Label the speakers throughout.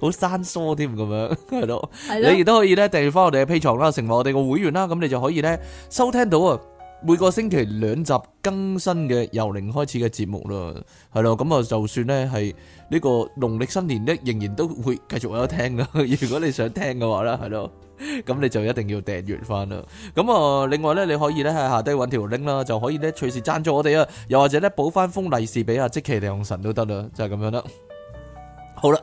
Speaker 1: 好生疏添，咁樣係咯，你亦都可以咧訂閱翻我哋嘅 Patreon 啦，成為我哋個會員啦，咁你就可以咧收聽到啊每個星期兩集更新嘅由零開始嘅節目啦，係咯，咁啊就算咧係呢個農曆新年咧仍然都會繼續有得聽啦。如果你想聽嘅話咧，係咯，咁你就一定要訂閱翻啦。咁啊，另外咧你可以咧喺下低揾條 link 啦，就可以咧隨時贊助我哋啊，又或者咧補翻封利是俾阿即其良神都得啦，就係咁樣啦。好啦。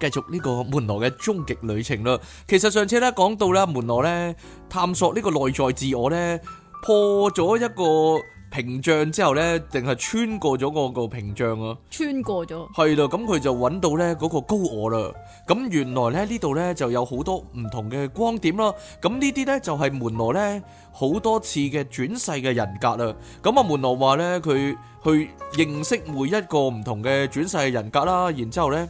Speaker 1: 繼續呢個門羅嘅終極旅程啦。其實上次咧講到咧門羅咧探索呢個內在自我咧破咗一個屏障之後咧，定係穿過咗嗰個屏障啊？
Speaker 2: 穿過咗，係
Speaker 1: 咯。咁佢就揾到咧嗰個高我啦。咁原來咧呢度咧就有好多唔同嘅光點啦。咁呢啲咧就係門羅咧好多次嘅轉世嘅人格啦。咁啊門羅話咧佢去認識每一個唔同嘅轉世嘅人格啦。然之後咧。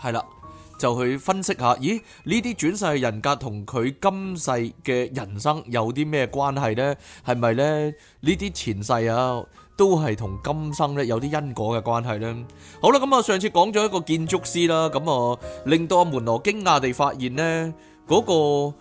Speaker 1: 係啦，就去分析下，咦？呢啲轉世人格同佢今世嘅人生有啲咩關係呢？係咪呢？呢啲前世啊，都係同今生呢有啲因果嘅關係呢。好啦，咁啊，上次講咗一個建築師啦，咁啊，令到阿門羅驚訝地發現呢，嗰個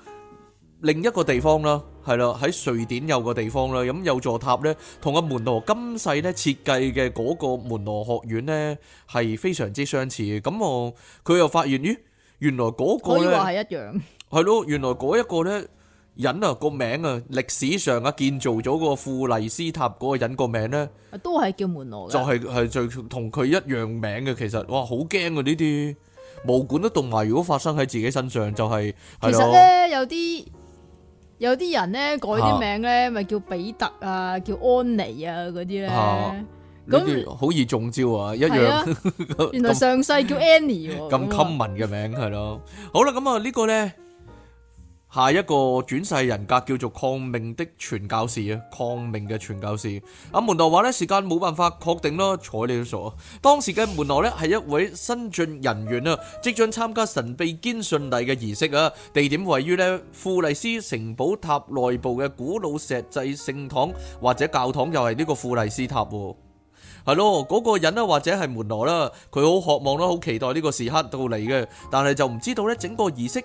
Speaker 1: 另一個地方啦。係啦，喺瑞典有個地方啦，咁有座塔咧，同阿門羅今世咧設計嘅嗰個門羅學院咧，係非常之相似。咁我佢又發現咦，原來嗰個咧係一樣，係咯，原來嗰一個咧人啊個名啊，歷史上啊建造咗個富麗斯塔嗰個人個名咧，
Speaker 2: 都係叫門羅，就係、是、
Speaker 1: 係最同佢一樣名嘅。其實哇，好驚啊！呢啲毛管啲動物如果發生喺自己身上，就係、是、其實咧
Speaker 2: 了有啲。有啲人咧改啲名咧，咪、啊、叫比特啊，叫安妮啊嗰啲咧，咁、啊、
Speaker 1: 那好易中招啊！一樣，啊、 原來
Speaker 2: 上世叫 Annie，咁、啊、common
Speaker 1: 嘅名係咯。 好啦，咁啊呢個咧。下一個轉世人格叫做抗命的傳教士啊，抗命嘅傳教士啊，門羅話咧，時間冇辦法確定咯，睬你都傻啊！當時嘅門羅咧係一位新晉人員啊，即將參加神秘堅信禮嘅儀式啊，地點位於咧富麗斯城堡塔內部嘅古老石製聖堂或者教堂，又係呢個富麗斯塔喎，係咯，嗰、那個人啦或者係門羅啦，佢好渴望啦，好期待呢個時刻到嚟嘅，但係就唔知道呢整個儀式。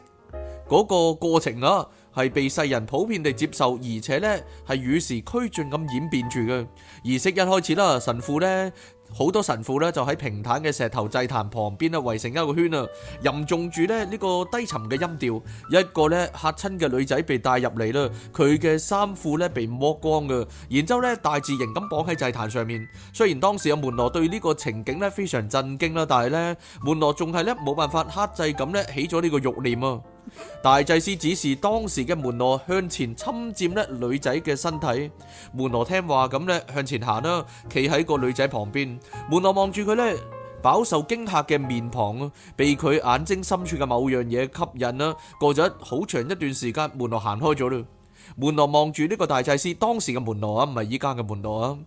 Speaker 1: 嗰個過程啊，係被世人普遍地接受，而且呢係與時俱進咁演變住嘅儀式。一開始啦，神父呢，好多神父呢，就喺平坦嘅石頭祭壇旁邊呢圍成一個圈啊，吟縱住呢呢個低沉嘅音調。一個呢，嚇親嘅女仔被帶入嚟啦，佢嘅衫褲呢，被剝光嘅，然之後呢，大字形咁綁喺祭壇上面。雖然當時阿門羅對呢個情景呢，非常震驚啦，但係呢，門羅仲係呢，冇辦法克制咁呢，起咗呢個慾念啊。大祭司指示當時嘅門羅向前侵佔咧女仔嘅身體，門羅聽話咁咧向前行啦，企喺個女仔旁邊。門羅望住佢咧飽受驚嚇嘅面龐啊，被佢眼睛深處嘅某樣嘢吸引啦。過咗好長一段時間，門羅行開咗啦。門羅望住呢個大祭司當時嘅門羅啊，唔係依家嘅門羅啊，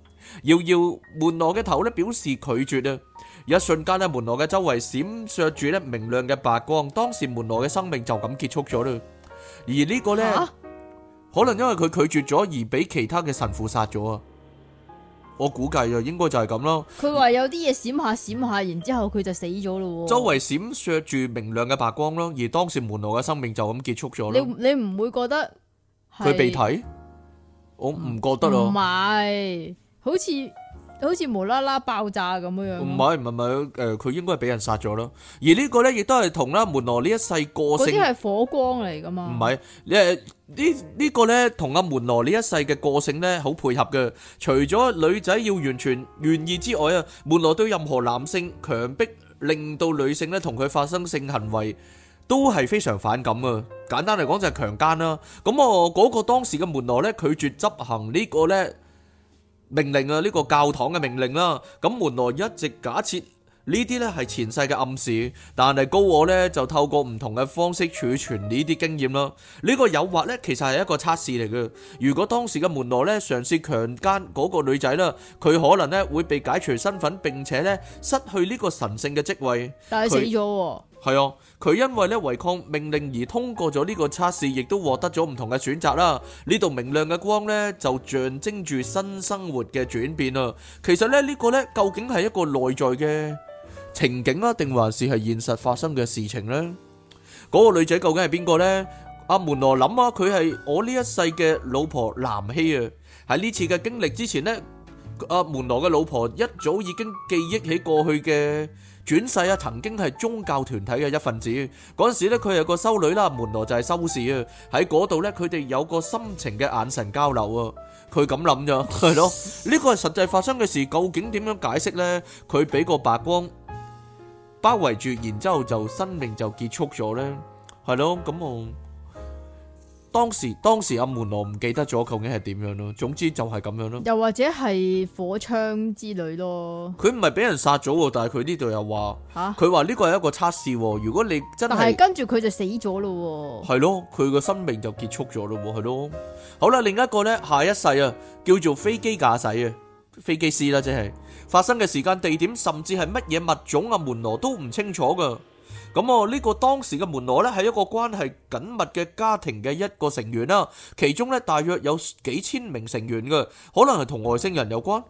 Speaker 1: 搖搖門羅嘅頭咧表示拒絕啊。一瞬間咧，門羅嘅周圍閃爍住咧明亮嘅白光，當時門羅嘅生命就咁結束咗啦。而呢個咧，可能因為佢拒絕咗而俾其他嘅神父殺咗啊。我估計就應該就係咁咯。
Speaker 2: 佢話有啲嘢閃下閃下，然之後佢就死咗咯。周圍
Speaker 1: 閃爍住明亮嘅白光咯，而當時門羅嘅生命就咁結束咗咯。你
Speaker 2: 你唔會覺得
Speaker 1: 佢被睇？我唔覺得咯，
Speaker 2: 唔係，好似。好似無啦啦爆炸咁樣
Speaker 1: 樣，唔係唔係唔係，誒，佢應該係俾人殺咗咯。而呢個咧，亦都係同啦門羅呢一世個性，嗰啲係
Speaker 2: 火光嚟噶嘛？唔
Speaker 1: 係，誒，呢呢個咧，同阿門羅呢一世嘅個性咧，好配合嘅。除咗女仔要完全願意之外啊，門羅對任何男性強迫令到女性咧同佢發生性行為，都係非常反感啊。簡單嚟講就係強姦啦。咁我嗰個當時嘅門羅咧，拒絕執行呢個咧。命令啊，呢個教堂嘅命令啦，咁門羅一直假設呢啲呢係前世嘅暗示，但係高我呢就透過唔同嘅方式儲存呢啲經驗啦。呢個誘惑呢其實係一個測試嚟嘅，如果當時嘅門羅呢嘗試強姦嗰個女仔啦，佢可能呢會被解除身份，並且呢失去呢個神聖嘅職位。但係死咗。係啊，佢因為咧違抗命令而通過咗呢個測試，亦都獲得咗唔同嘅選擇啦。呢度明亮嘅光呢，就象徵住新生活嘅轉變啊。其實咧，呢個呢，究竟係一個內在嘅情景啊，定還是係現實發生嘅事情、那個、呢？嗰個女仔究竟係邊個呢？阿門羅諗下，佢係我呢一世嘅老婆南希啊。喺呢次嘅經歷之前呢，阿、啊、門羅嘅老婆一早已經記憶起過去嘅。轉世啊，曾經係宗教團體嘅一份子，嗰陣時咧佢係個修女啦，門羅就係修士啊。喺嗰度咧，佢哋有個深情嘅眼神交流啊。佢咁諗咗，係咯？呢個係實際發生嘅事，究竟點樣解釋呢？佢俾個白光包圍住，然之後就生命就結束咗呢，係咯？咁我。當時當時阿門羅唔記得咗究竟係點樣咯，總之就係咁樣咯。
Speaker 2: 又或者係火槍之類咯。
Speaker 1: 佢唔係俾人殺咗，但係佢呢度又話吓，佢話呢個係一個測試。如果你真係，但係
Speaker 2: 跟住佢就死咗咯。
Speaker 1: 係咯，佢個生命就結束咗咯，係咯。好啦，另一個呢，下一世啊，叫做飛機駕駛啊，飛機師啦，即係發生嘅時間、地點，甚至係乜嘢物種，阿門羅都唔清楚噶。咁哦，呢個當時嘅門羅呢，係一個關係緊密嘅家庭嘅一個成員啦，其中呢，大約有幾千名成員嘅，可能係同外星人有關。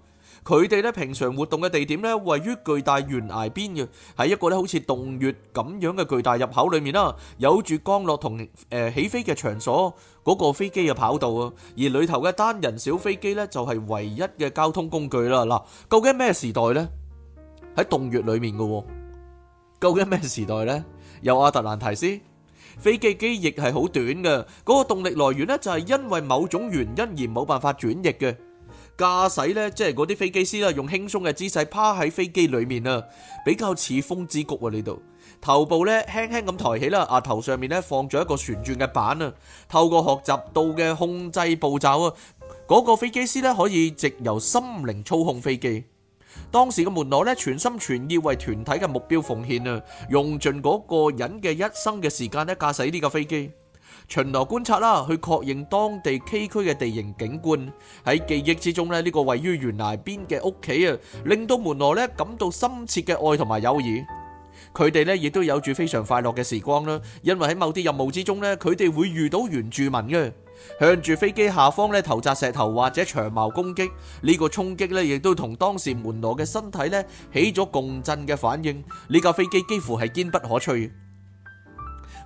Speaker 1: 佢哋呢，平常活動嘅地點呢，位於巨大懸崖邊嘅，喺一個呢，好似洞穴咁樣嘅巨大入口裏面啦，有住降落同誒起飛嘅場所，嗰個飛機嘅跑道啊，而裏頭嘅單人小飛機呢就係唯一嘅交通工具啦。嗱，究竟咩時代呢？喺洞穴裏面嘅喎。究竟咩時代咧？有阿特蘭提斯，飛機機翼係好短嘅，嗰個動力來源咧就係因為某種原因而冇辦法轉翼嘅。駕駛咧即係嗰啲飛機師啦，用輕鬆嘅姿勢趴喺飛機裏面啊，比較似風之谷啊呢度。頭部咧輕輕咁抬起啦，額頭上面咧放咗一個旋轉嘅板啊。透過學習到嘅控制步驟啊，嗰個飛機師咧可以藉由心靈操控飛機。當時嘅門羅咧全心全意為團體嘅目標奉獻啊，用盡嗰個人嘅一生嘅時間咧駕駛呢架飛機巡邏觀察啦，去確認當地崎嶇嘅地形景觀。喺記憶之中咧，呢個位於懸崖邊嘅屋企啊，令到門羅咧感到深切嘅愛同埋友誼。佢哋咧亦都有住非常快樂嘅時光啦，因為喺某啲任務之中咧，佢哋會遇到原住民嘅。向住飛機下方咧，投擲石頭或者長矛攻擊，呢、呢個衝擊呢亦都同當時門羅嘅身體呢起咗共振嘅反應，呢架飛機幾乎係堅不可摧。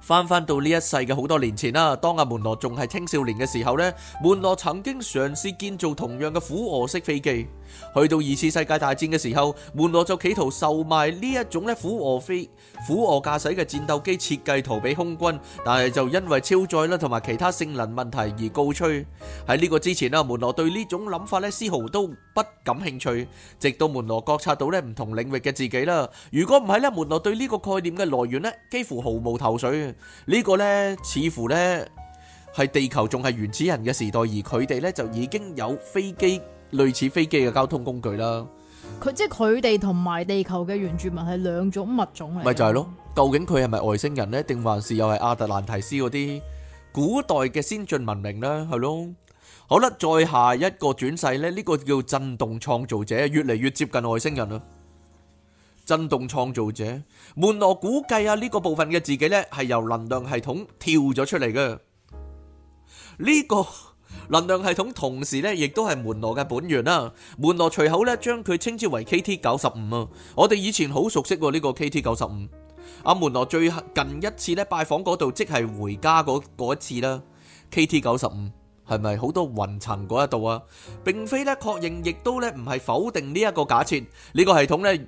Speaker 1: 翻翻到呢一世嘅好多年前啦，當阿門羅仲係青少年嘅時候呢，門羅曾經嘗試建造同樣嘅虎蛾式飛機。去到二次世界大戰嘅時候，門羅就企圖售賣呢一種咧虎蛾飛虎蛾駕駛嘅戰鬥機設計圖俾空軍，但係就因為超載啦同埋其他性能問題而告吹。喺呢個之前啦，門羅對呢種諗法呢，絲毫都不感興趣。直到門羅覺察到呢唔同領域嘅自己啦，如果唔係咧，門羅對呢個概念嘅來源呢，幾乎毫無頭緒。呢個呢，似乎呢，係地球仲係原始人嘅時代，而佢哋呢，就已經有飛機類似飛機嘅交通工具啦。
Speaker 2: 佢即係佢哋同埋地球嘅原住民係兩種物種，咪就係
Speaker 1: 咯，究竟佢係咪外星人呢？定還是又係亞特蘭提斯嗰啲古代嘅先進文明呢？係咯，好啦，再下一個轉世呢，呢個叫震動創造者，越嚟越接近外星人啦。震動創造者門羅估計啊，呢個部分嘅自己咧係由能量系統跳咗出嚟嘅。呢個能量系統同時咧亦都係門羅嘅本源啦。門羅隨口咧將佢稱之為 K T 九十五啊。我哋以前好熟悉呢個 K T 九十五。阿門羅最近一次咧拜訪嗰度，即係回家嗰嗰一次啦。K T 九十五係咪好多雲層嗰一度啊？並非咧確認，亦都咧唔係否定呢一個假設呢個系統咧。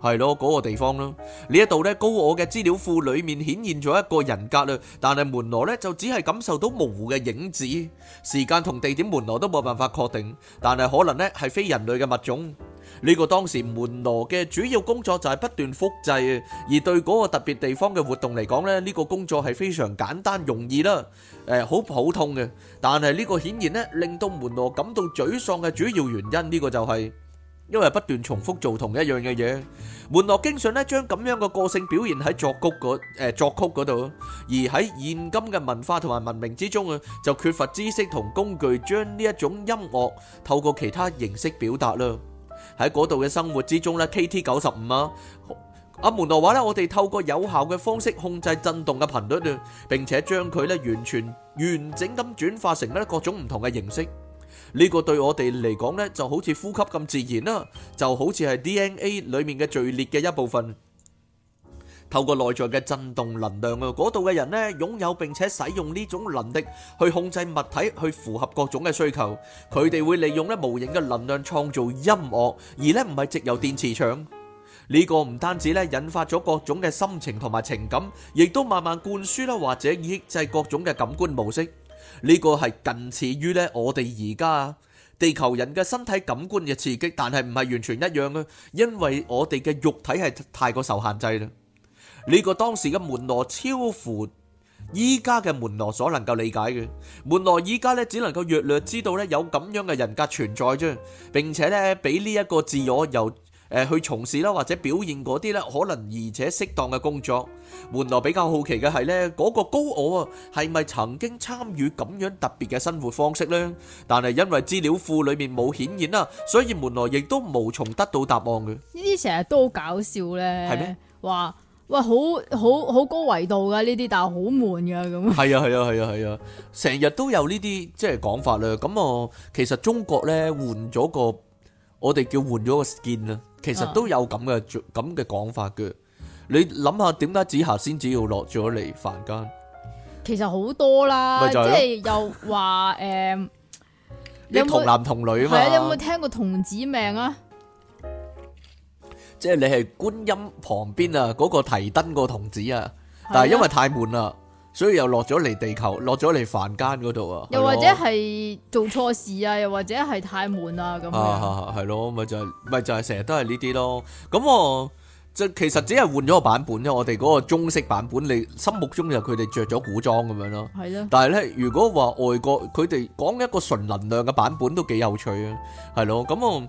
Speaker 1: 係咯，嗰個地方咯，呢一度咧高我嘅資料庫裏面顯現咗一個人格啦，但係門羅咧就只係感受到模糊嘅影子，時間同地點門羅都冇辦法確定，但係可能咧係非人類嘅物種。呢個當時門羅嘅主要工作就係不斷複製，而對嗰個特別地方嘅活動嚟講咧，呢個工作係非常簡單容易啦，誒，好普通嘅。但係呢個顯然咧令到門羅感到沮喪嘅主要原因呢個就係。因為不斷重複做同一樣嘅嘢，門羅經常咧將咁樣嘅個性表現喺作曲嗰，誒，作曲嗰度，而喺現今嘅文化同埋文明之中啊，就缺乏知識同工具將呢一種音樂透過其他形式表達啦。喺嗰度嘅生活之中咧，KT 九十五啊，阿門羅話咧，我哋透過有效嘅方式控制震動嘅頻率啊，並且將佢咧完全完整咁轉化成咧各種唔同嘅形式。呢個對我哋嚟講呢就好似呼吸咁自然啦，就好似係 DNA 裏面嘅序列嘅一部分。透過內在嘅震動能量啊，嗰度嘅人呢擁有並且使用呢種能力去控制物體，去符合各種嘅需求。佢哋會利用呢無形嘅能量創造音樂，而呢唔係藉由電磁場。呢個唔單止呢引發咗各種嘅心情同埋情感，亦都慢慢灌輸啦，或者抑制各種嘅感官模式。呢個係近似於咧我哋而家地球人嘅身體感官嘅刺激，但係唔係完全一樣啊，因為我哋嘅肉體係太過受限制啦。呢個當時嘅門羅超乎依家嘅門羅所能夠理解嘅門羅，依家咧只能夠略略知道咧有咁樣嘅人格存在啫，並且咧俾呢一個自我由。誒，去從事啦，或者表現嗰啲咧，可能而且適當嘅工作。門羅比較好奇嘅係咧，嗰個高我啊，係咪曾經參與咁樣特別嘅生活方式咧？但係因為資料庫裏面冇顯現啊，所以門羅亦都無從得到答案嘅。
Speaker 2: 呢啲成日都好搞笑咧，係咩？話喂，好好好高維度嘅呢啲，但係好悶嘅咁。係
Speaker 1: 啊係啊係啊係啊，成日都有呢啲即係講法啦。咁啊，其實中國咧換咗個，我哋叫換咗個 skin 啊。其實都有咁嘅咁嘅講法嘅，你諗下點解紫霞仙子要落咗嚟凡間？
Speaker 2: 其實好多啦，即係又話誒，有
Speaker 1: 冇童男童女啊？係，你有冇
Speaker 2: 聽過童子命啊？
Speaker 1: 即係你係觀音旁邊啊，嗰個提燈個童子啊，
Speaker 2: 但係因為太
Speaker 1: 悶啦。所以又落咗嚟地球，落咗嚟凡間嗰度啊！又或者係
Speaker 2: 做錯事啊， 又或者係太悶啊咁
Speaker 1: 樣。係咯，咪就係咪就係成日都係呢啲咯。咁我其實只係換咗個版本啫。我哋嗰個中式版本，你心目中就佢哋着咗古裝咁樣咯。係咯、啊。但係咧，如果話外國佢哋講一個純能量嘅版本都幾有趣啊，係咯、啊。咁我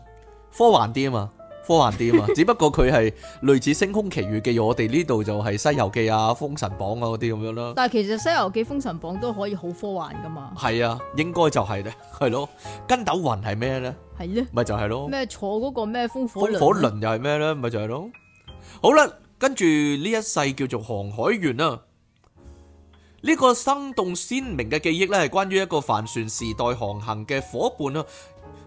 Speaker 1: 科幻啲啊嘛。科幻啲啊嘛，只不過佢係類似《星空奇遇記》，我哋呢度就係《西遊記》啊，《封神榜》啊嗰啲咁樣咯。但
Speaker 2: 係其實《西遊記》《封神榜》都可以好科幻噶嘛。係
Speaker 1: 啊，應該就係咧，係咯。筋斗雲係咩咧？係咧。咪就係咯。咩
Speaker 2: 坐嗰個咩風火輪？風火輪
Speaker 1: 又係咩咧？咪就係咯。好啦，跟住呢一世叫做航海員啊。呢個生動鮮明嘅記憶咧，係關於一個帆船時代航行嘅伙伴啊。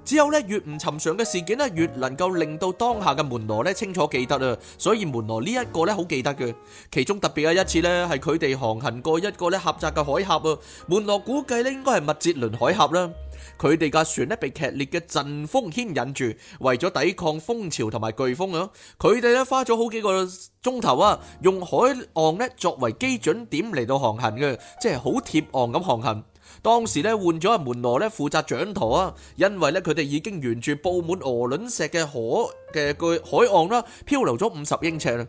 Speaker 1: 之後咧越唔尋常嘅事件呢，越能夠令到當下嘅門羅呢清楚記得啊！所以門羅呢一個呢好記得嘅，其中特別有一次呢，係佢哋航行過一個呢狹窄嘅海峽啊！門羅估計呢應該係麥哲倫海峽啦。佢哋架船呢被劇烈嘅陣風牽引住，為咗抵抗風潮同埋颶風啊！佢哋呢花咗好幾個鐘頭啊，用海岸呢作為基準點嚟到航行嘅，即係好貼岸咁航行。當時咧換咗阿門羅咧負責掌舵啊，因為咧佢哋已經沿住布滿鵝卵石嘅河嘅個海岸啦，漂流咗五十英尺啦。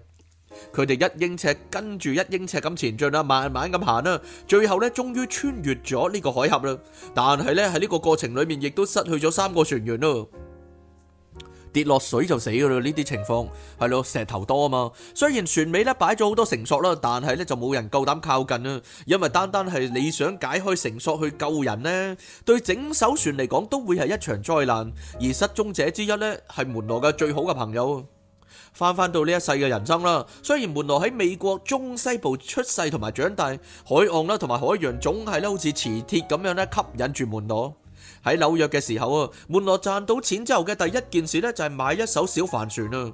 Speaker 1: 佢哋一英尺跟住一英尺咁前進啦，慢慢咁行啦，最後咧終於穿越咗呢個海峽啦。但係咧喺呢個過程裏面，亦都失去咗三個船員咯。跌落水就死噶啦！呢啲情況係咯，石頭多啊嘛。雖然船尾咧擺咗好多繩索啦，但係咧就冇人夠膽靠近啊。因為單單係你想解開繩索去救人呢，對整艘船嚟講都會係一場災難。而失蹤者之一咧，係門羅嘅最好嘅朋友。翻翻到呢一世嘅人生啦，雖然門羅喺美國中西部出世同埋長大，海岸啦同埋海洋總係咧好似磁鐵咁樣咧吸引住門羅。喺紐約嘅時候啊，門羅賺到錢之後嘅第一件事咧，就係買一艘小帆船啊！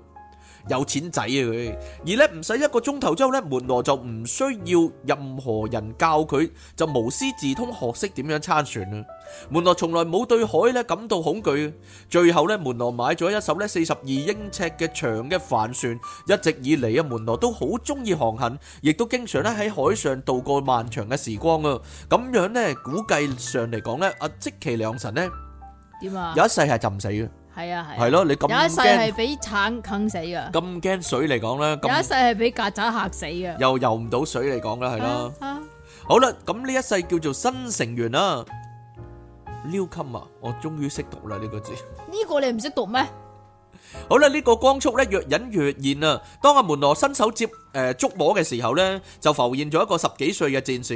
Speaker 1: 有錢仔啊佢，而咧唔使一個鐘頭之後咧，門羅就唔需要任何人教佢，就無師自通學識點樣撐船啦。門羅從來冇對海咧感到恐懼啊。最後咧，門羅買咗一艘咧四十二英尺嘅長嘅帆船，一直以嚟啊，門羅都好中意航行，亦都經常咧喺海上度過漫長嘅時光啊。咁樣咧，估計上嚟講咧，阿即其兩神咧，
Speaker 2: 有一
Speaker 1: 世係浸死嘅。係啊係，有一世係
Speaker 2: 俾鏟啃死噶，
Speaker 1: 咁驚水嚟講啦，有一
Speaker 2: 世係俾曱甴嚇死噶，又
Speaker 1: 游唔到水嚟講啦，係啦。好啦，咁呢一世叫做新成員啦。Newcomer 啊，我終於識讀啦呢個字。
Speaker 2: 呢個你唔識讀
Speaker 1: 咩？好啦，呢個光速咧，若隱若現啊。當阿門羅伸手接誒，捉摸嘅時候咧，就浮現咗一個十幾歲嘅戰士。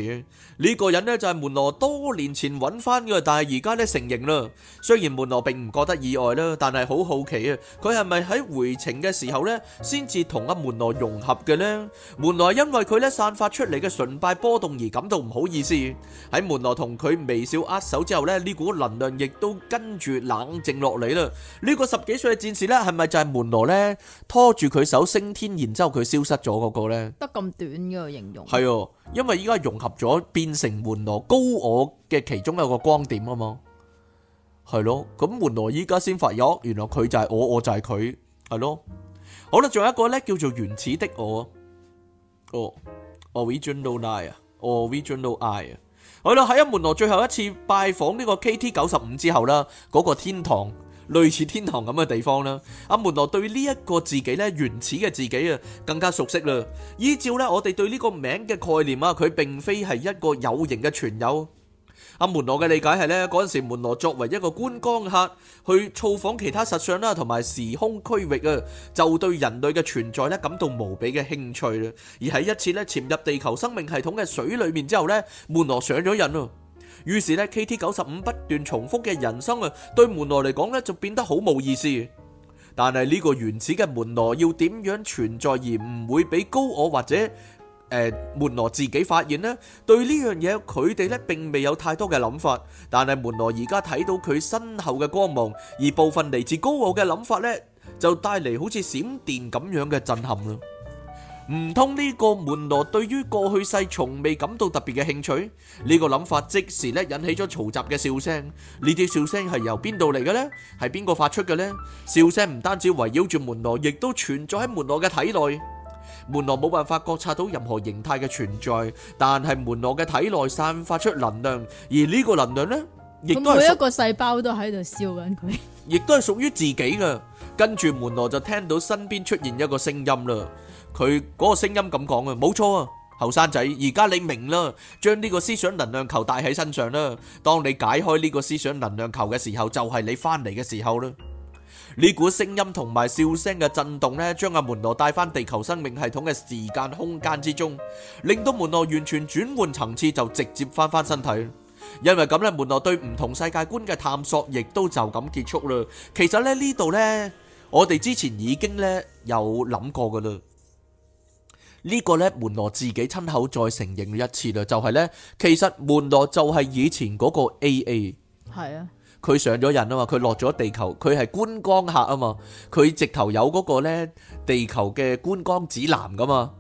Speaker 1: 呢個人咧就係門羅多年前揾翻嘅，但係而家咧成形啦。雖然門羅並唔覺得意外啦，但係好好奇啊，佢係咪喺回程嘅時候咧，先至同阿門羅融合嘅咧？門羅因為佢咧散發出嚟嘅崇拜波動而感到唔好意思。喺門羅同佢微笑握手之後咧，呢股能量亦都跟住冷靜落嚟啦。呢個十幾歲嘅戰士咧，係咪就係門羅咧拖住佢手升天，然之後佢消失咗嘅？個咧
Speaker 2: 得咁短嘅形容係哦，
Speaker 1: 因為依家融合咗變成門羅高我嘅其中一個光點啊嘛，係咯，咁門羅依家先發覺，原來佢就係我，我就係佢，係咯，好啦，仲有一個咧叫做原始的我，哦哦，original I 啊，哦，original I 啊，好啦，喺阿門羅最後一次拜訪呢個 KT 九十五之後啦，嗰個天堂。類似天堂咁嘅地方啦，阿門羅對呢一個自己咧原始嘅自己啊更加熟悉啦。依照咧我哋對呢個名嘅概念啊，佢並非係一個有形嘅存有。阿門羅嘅理解係咧嗰陣時，門羅作為一個觀光客去造訪其他實相啦，同埋時空區域啊，就對人類嘅存在咧感到無比嘅興趣啦。而喺一次咧潛入地球生命系統嘅水裏面之後咧，門羅上咗癮啊！於是咧，KT 九十五不斷重複嘅人生啊，對門羅嚟講咧，就變得好冇意思。但係呢個原始嘅門羅要點樣存在而唔會俾高我或者誒門羅自己發現呢？對呢樣嘢，佢哋咧並未有太多嘅諗法。但係門羅而家睇到佢身後嘅光芒，而部分嚟自高我嘅諗法咧，就帶嚟好似閃電咁樣嘅震撼啦。唔通呢個門羅對於過去世從未感到特別嘅興趣？呢個諗法即時咧引起咗嘈雜嘅笑聲。呢啲笑聲係由邊度嚟嘅呢？係邊個發出嘅呢？笑聲唔單止圍繞住門羅，亦都存在喺門羅嘅體內。門羅冇辦法覺察到任何形態嘅存在，但係門羅嘅體內散發出能量，而呢個能量呢，亦都係每一
Speaker 2: 個細胞都喺度笑緊佢，
Speaker 1: 亦都係屬於自己嘅。跟住門羅就聽到身邊出現一個聲音啦。佢嗰個聲音咁講啊，冇錯啊，後生仔，而家你明啦，將呢個思想能量球帶喺身上啦。當你解開呢個思想能量球嘅時候，就係你翻嚟嘅時候啦。呢股聲音同埋笑聲嘅震動呢，將阿門羅帶翻地球生命系統嘅時間空間之中，令到門羅完全轉換層次，就直接翻翻身體。因為咁咧，門羅對唔同世界觀嘅探索，亦都就咁結束啦。其實咧呢度呢，我哋之前已經呢有諗過噶啦。個呢個咧門羅自己親口再承認一次啦，就係、是、咧，其實門羅就係以前嗰個 A A，係啊，佢上咗人啊嘛，佢落咗地球，佢係觀光客啊嘛，佢直頭有嗰個咧地球嘅觀光指南噶嘛，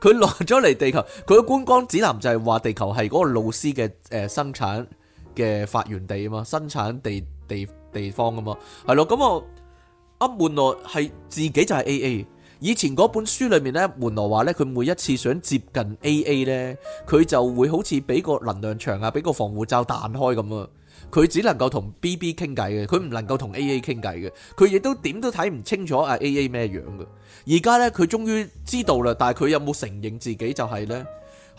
Speaker 1: 佢落咗嚟地球，佢嘅觀光指南就係話地球係嗰個露絲嘅誒生產嘅發源地啊嘛，生產地地地方啊嘛，係咯，咁我阿、啊、門羅係自己就係 A A。以前嗰本書裏面咧，門羅話咧，佢每一次想接近 A A 咧，佢就會好似俾個能量牆啊，俾個防護罩彈開咁啊，佢只能夠同 B B 傾偈嘅，佢唔能夠同 A A 傾偈嘅，佢亦都點都睇唔清楚啊 A A 咩樣嘅，而家咧佢終於知道啦，但係佢有冇承認自己就係、是、咧？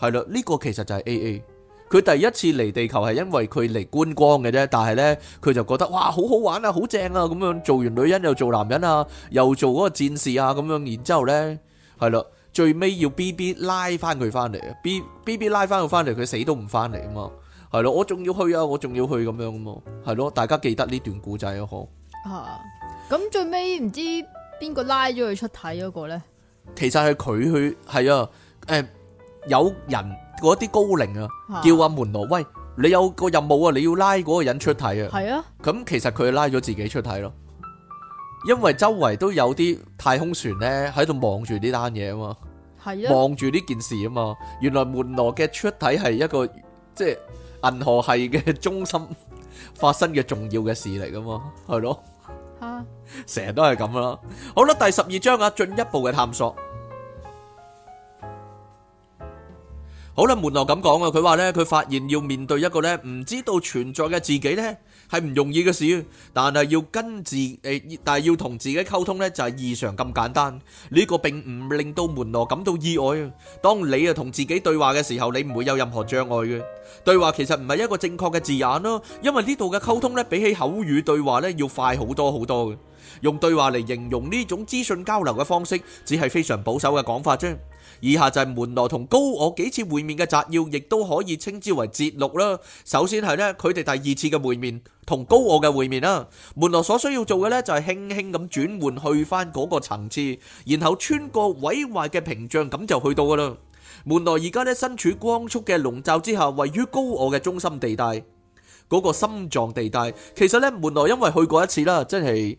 Speaker 1: 係啦，呢、這個其實就係 A A。佢第一次嚟地球係因為佢嚟觀光嘅啫，但係呢，佢就覺得哇好好玩啊，好正啊咁樣，做完女人又做男人啊，又做嗰個戰士啊咁樣，然之後呢係咯，最尾要 BB B B 拉翻佢翻嚟啊，B B 拉翻佢翻嚟，佢死都唔翻嚟啊嘛，係咯，我仲要去啊，我仲要去咁樣啊嘛，係咯，大家記得呢段故仔啊可吓。
Speaker 2: 咁最尾唔知邊個拉咗佢出體嗰個呢？
Speaker 1: 其實係佢去係啊，誒、呃、有人。嗰啲高齡啊，叫阿門羅，喂，你有個任務啊，你要拉嗰個人出體啊。係啊。咁其實佢拉咗自己出體咯，因為周圍都有啲太空船咧喺度望住呢單嘢啊嘛，
Speaker 2: 係啊，望
Speaker 1: 住呢件事啊嘛。原來門羅嘅出體係一個即係銀河系嘅中心發生嘅重要嘅事嚟啊嘛，係咯。吓，成日都係咁啦。好啦，第十二章啊，進一步嘅探索。好啦，門羅咁講啊，佢話咧，佢發現要面對一個咧唔知道存在嘅自己咧，係唔容易嘅事。但係要跟自誒、欸，但係要同自己溝通咧，就係異常咁簡單。呢、呢個並唔令到門羅感到意外。啊。當你啊同自己對話嘅時候，你唔會有任何障礙嘅。對話其實唔係一個正確嘅字眼咯，因為呢度嘅溝通咧，比起口語對話咧，要快好多好多嘅。用對話嚟形容呢種資訊交流嘅方式，只係非常保守嘅講法啫。以下就係門羅同高我幾次會面嘅摘要，亦都可以稱之為節錄啦。首先係咧，佢哋第二次嘅會面同高我嘅會面啦。門羅所需要做嘅呢，就係輕輕咁轉換去翻嗰個層次，然後穿過毀壞嘅屏障，咁就去到噶啦。門羅而家呢，身處光速嘅籠罩之下，位於高我嘅中心地帶嗰個心臟地帶。其實呢，門羅因為去過一次啦，真係。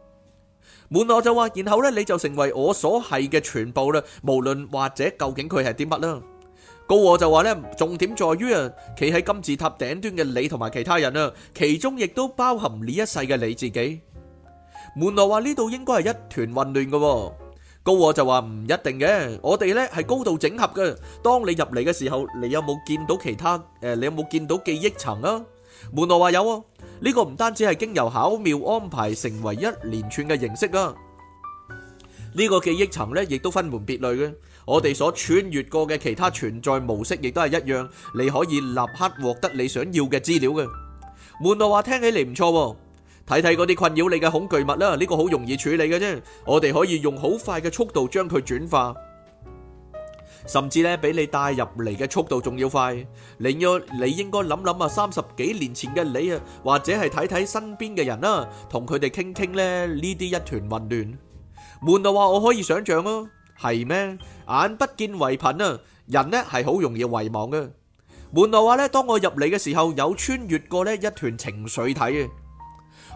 Speaker 1: 門羅就話，然後咧你就成為我所係嘅全部啦，無論或者究竟佢係啲乜啦。高我就話咧，重點在於啊，企喺金字塔頂端嘅你同埋其他人啦，其中亦都包含呢一世嘅你自己。門羅話呢度應該係一團混亂嘅，高我就話唔一定嘅，我哋咧係高度整合嘅。當你入嚟嘅時候，你有冇見到其他？誒，你有冇見到記憶層啊？門羅話有。呢個唔單止係經由巧妙安排成為一連串嘅形式啊！呢個記憶層咧，亦都分門別類嘅。我哋所穿越過嘅其他存在模式，亦都係一樣。你可以立刻獲得你想要嘅資料嘅。門羅話聽起嚟唔錯，睇睇嗰啲困擾你嘅恐懼物啦。呢個好容易處理嘅啫。我哋可以用好快嘅速度將佢轉化。甚至咧比你帶入嚟嘅速度仲要快。你要你應該諗諗啊，三十幾年前嘅你啊，或者係睇睇身邊嘅人啦，同佢哋傾傾咧，呢啲一團混亂。門內話，我可以想象咯，係咩？眼不見為憑啊，人呢係好容易遺忘嘅。門內話咧，當我入嚟嘅時候，有穿越過呢一團情緒體啊。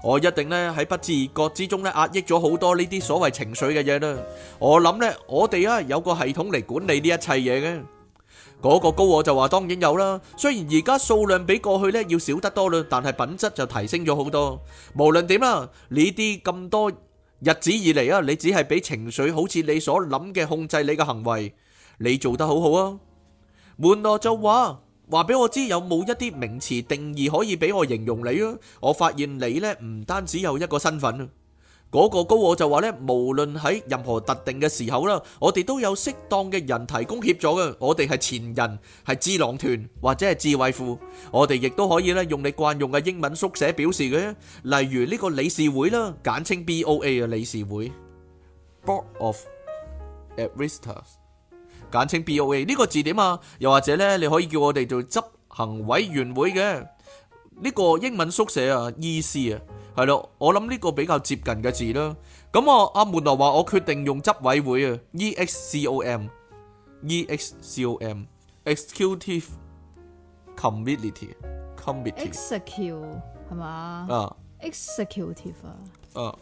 Speaker 1: 我一定咧喺不自覺之中咧壓抑咗好多呢啲所謂情緒嘅嘢啦。我諗咧，我哋啊有個系統嚟管理呢一切嘢嘅。嗰個高我就話當然有啦。雖然而家數量比過去咧要少得多啦，但係品質就提升咗好多。無論點啦，呢啲咁多日子以嚟啊，你只係俾情緒好似你所諗嘅控制你嘅行為，你做得好好啊。門羅就話。話俾我知，有冇一啲名詞定義可以俾我形容你啊？我發現你呢，唔單止有一個身份啊，嗰個高我就話呢，無論喺任何特定嘅時候啦，我哋都有適當嘅人提供協助嘅。我哋係前人，係智囊團，或者係智慧庫。我哋亦都可以咧用你慣用嘅英文縮寫表示嘅，例如呢個理事會啦，簡稱 BOA 嘅理事會，Board of Advisors。簡稱 B.O.A. 呢個字點啊？又或者咧，你可以叫我哋做執行委員會嘅呢個英文縮寫啊，E.C. 啊，係咯，我諗呢個比較接近嘅字啦。咁啊，阿門羅話我決定用執委會啊，E.X.C.O.M. E.X.C.O.M. Executive Committee，Executive 係
Speaker 2: 嘛？啊，Executive
Speaker 1: 啊，啊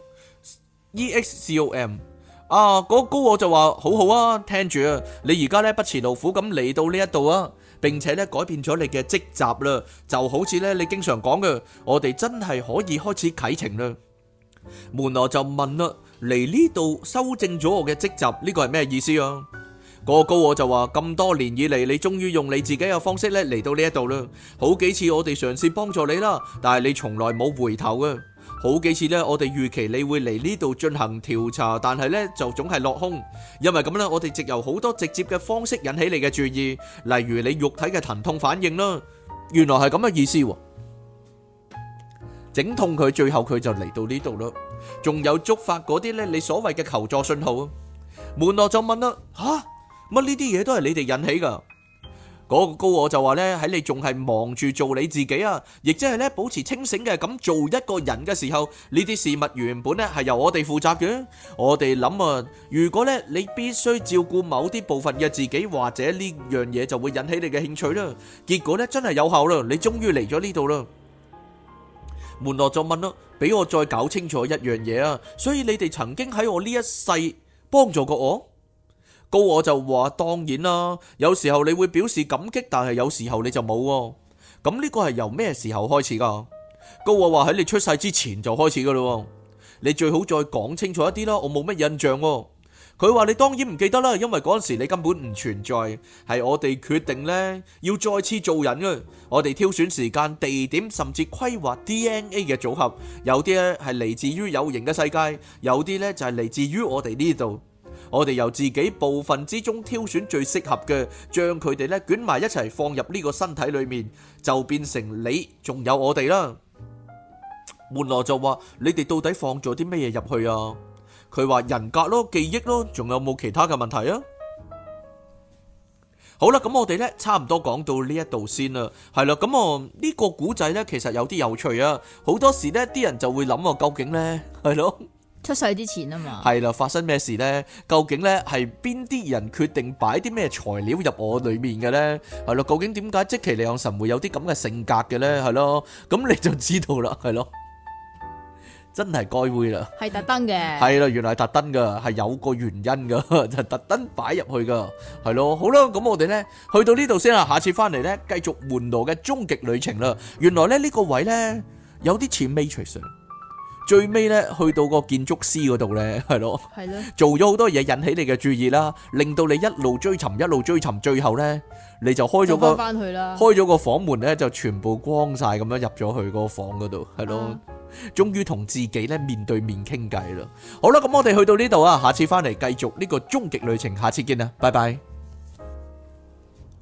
Speaker 1: ，E.X.C.O.M. 啊，嗰、那個、高我就話好好啊，聽住啊，你而家咧不辭勞苦咁嚟到呢一度啊，並且咧改變咗你嘅職責啦，就好似咧你經常講嘅，我哋真係可以開始啟程啦。門羅就問啦，嚟呢度修正咗我嘅職責，呢個係咩意思啊？嗰、那個、高我就話咁多年以嚟，你終於用你自己嘅方式咧嚟到呢一度啦，好幾次我哋嘗試幫助你啦，但係你從來冇回頭啊。好幾次咧，我哋預期你會嚟呢度進行調查，但係咧就總係落空。因為咁咧，我哋藉由好多直接嘅方式引起你嘅注意，例如你肉體嘅疼痛反應啦。原來係咁嘅意思，整痛佢，最後佢就嚟到呢度咯。仲有觸發嗰啲咧，你所謂嘅求助信號啊。門羅就問啦：吓，乜呢啲嘢都係你哋引起噶？個高我就話呢喺你仲係忙住做你自己啊，亦即係呢保持清醒嘅咁做一個人嘅時候，呢啲事物原本呢係由我哋負責嘅。我哋諗啊，如果呢你必須照顧某啲部分嘅自己，或者呢樣嘢就會引起你嘅興趣啦。結果呢真係有效啦，你終於嚟咗呢度啦。門羅就問啦，俾我再搞清楚一樣嘢啊。所以你哋曾經喺我呢一世幫助過我。高我就話當然啦，有時候你會表示感激，但係有時候你就冇喎。咁呢個係由咩時候開始噶？高我話喺你出世之前就開始噶咯。你最好再講清楚一啲啦，我冇乜印象。佢話你當然唔記得啦，因為嗰陣時你根本唔存在。係我哋決定呢，要再次做人啊。我哋挑選時間、地點，甚至規劃 DNA 嘅組合。有啲咧係嚟自於有形嘅世界，有啲呢就係嚟自於我哋呢度。我哋由自己部分之中挑選最適合嘅，將佢哋咧捲埋一齊放入呢個身體裏面，就變成你仲有我哋啦。門羅就話：你哋到底放咗啲咩嘢入去啊？佢話人格咯、記憶咯，仲有冇其他嘅問題啊？好啦，咁我哋咧差唔多講到呢一度先啦，係啦，咁我呢、這個古仔咧其實有啲有趣啊，好多時呢，啲人就會諗啊，我究竟呢，係咯。
Speaker 2: 出世之前啊嘛，
Speaker 1: 係啦！發生咩事咧？究竟咧，係邊啲人決定擺啲咩材料入我裏面嘅咧？係咯，究竟點解即其兩神會有啲咁嘅性格嘅咧？係咯，咁你就知道啦，係咯，真係該會啦，
Speaker 2: 係特登嘅，
Speaker 1: 係咯，原來係特登噶，係有個原因噶，就特登擺入去噶，係咯。好啦，咁我哋咧去到呢度先啦，下次翻嚟咧繼續門羅嘅終極旅程啦。原來咧呢個位咧有啲似 matrix。最尾咧，去到個建築師嗰度咧，係咯，係咯，做咗好多嘢引起你嘅注意啦，令到你一路追尋，一路追尋，最後咧，你就開咗個，翻去啦，開咗個房門咧，就全部光晒咁樣入咗去個房嗰度，係咯，終於同自己咧面對面傾偈啦。好啦，咁我哋去到呢度啊，下次翻嚟繼續呢個終極旅程，下次見啦，拜拜。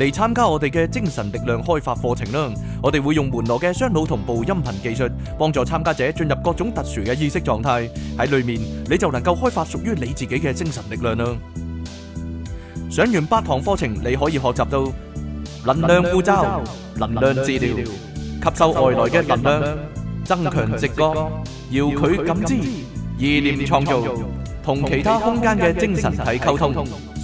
Speaker 1: 嚟參加我哋嘅精神力量開發課程啦！我哋會用門羅嘅雙腦同步音頻技術，幫助參加者進入各種特殊嘅意識狀態。喺裏面你就能夠開發屬於你自己嘅精神力量啦！上完八堂課程，你可以學習到能量護罩、能量治療、吸收外來嘅能量、增強直覺、遙距感知、意念創造、同其他空間嘅精神體溝通。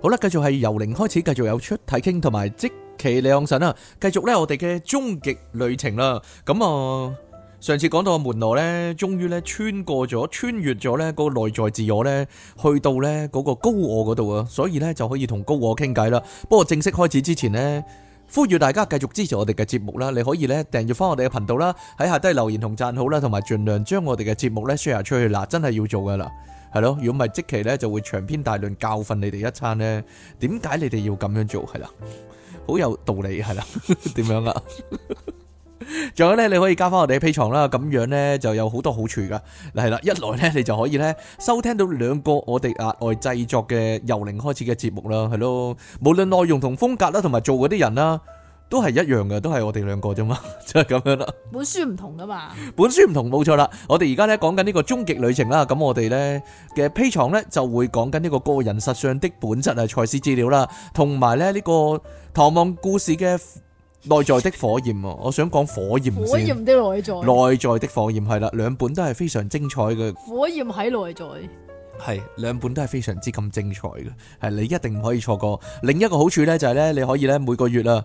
Speaker 1: 好啦，繼續係由零開始，繼續有出體傾同埋即其兩神啦，繼續呢，我哋嘅終極旅程啦。咁、嗯、啊，上次講到嘅門羅呢，終於呢，穿過咗，穿越咗呢嗰個內在自我呢，去到呢嗰個高我嗰度啊，所以呢，就可以同高我傾偈啦。不過正式開始之前呢，呼籲大家繼續支持我哋嘅節目啦，你可以呢，訂閱翻我哋嘅頻道啦，喺下低留言同讚好啦，同埋盡量將我哋嘅節目呢 share 出去啦，真係要做噶啦。係咯，如果唔係即期咧，就會長篇大論教訓你哋一餐咧。點解你哋要咁樣做？係啦，好有道理，係啦，點樣啊？仲有咧，你可以加翻我哋嘅 P 床啦，咁樣咧就有好多好處噶。嗱，係啦，一來咧你就可以咧收聽到兩個我哋額外製作嘅由零開始嘅節目啦。係咯，無論內容同風格啦，同埋做嗰啲人啦。都係一樣嘅，都係我哋兩個啫嘛，就係咁樣啦。
Speaker 2: 本書唔同噶嘛，
Speaker 1: 本書唔同冇錯啦。我哋而家咧講緊呢個終極旅程啦，咁我哋咧嘅 Patreon 咧就會講緊呢個個人實相的本質啊，賽斯資料啦，同埋咧呢個唐望故事嘅內在的火焰啊，我想講火焰，火焰的內在，內在的火焰係啦，兩本都係非常精彩嘅。
Speaker 2: 火焰喺內在，
Speaker 1: 係兩本都係非常之咁精彩嘅，係你一定唔可以錯過。另一個好處咧就係咧，你可以咧每個月啊。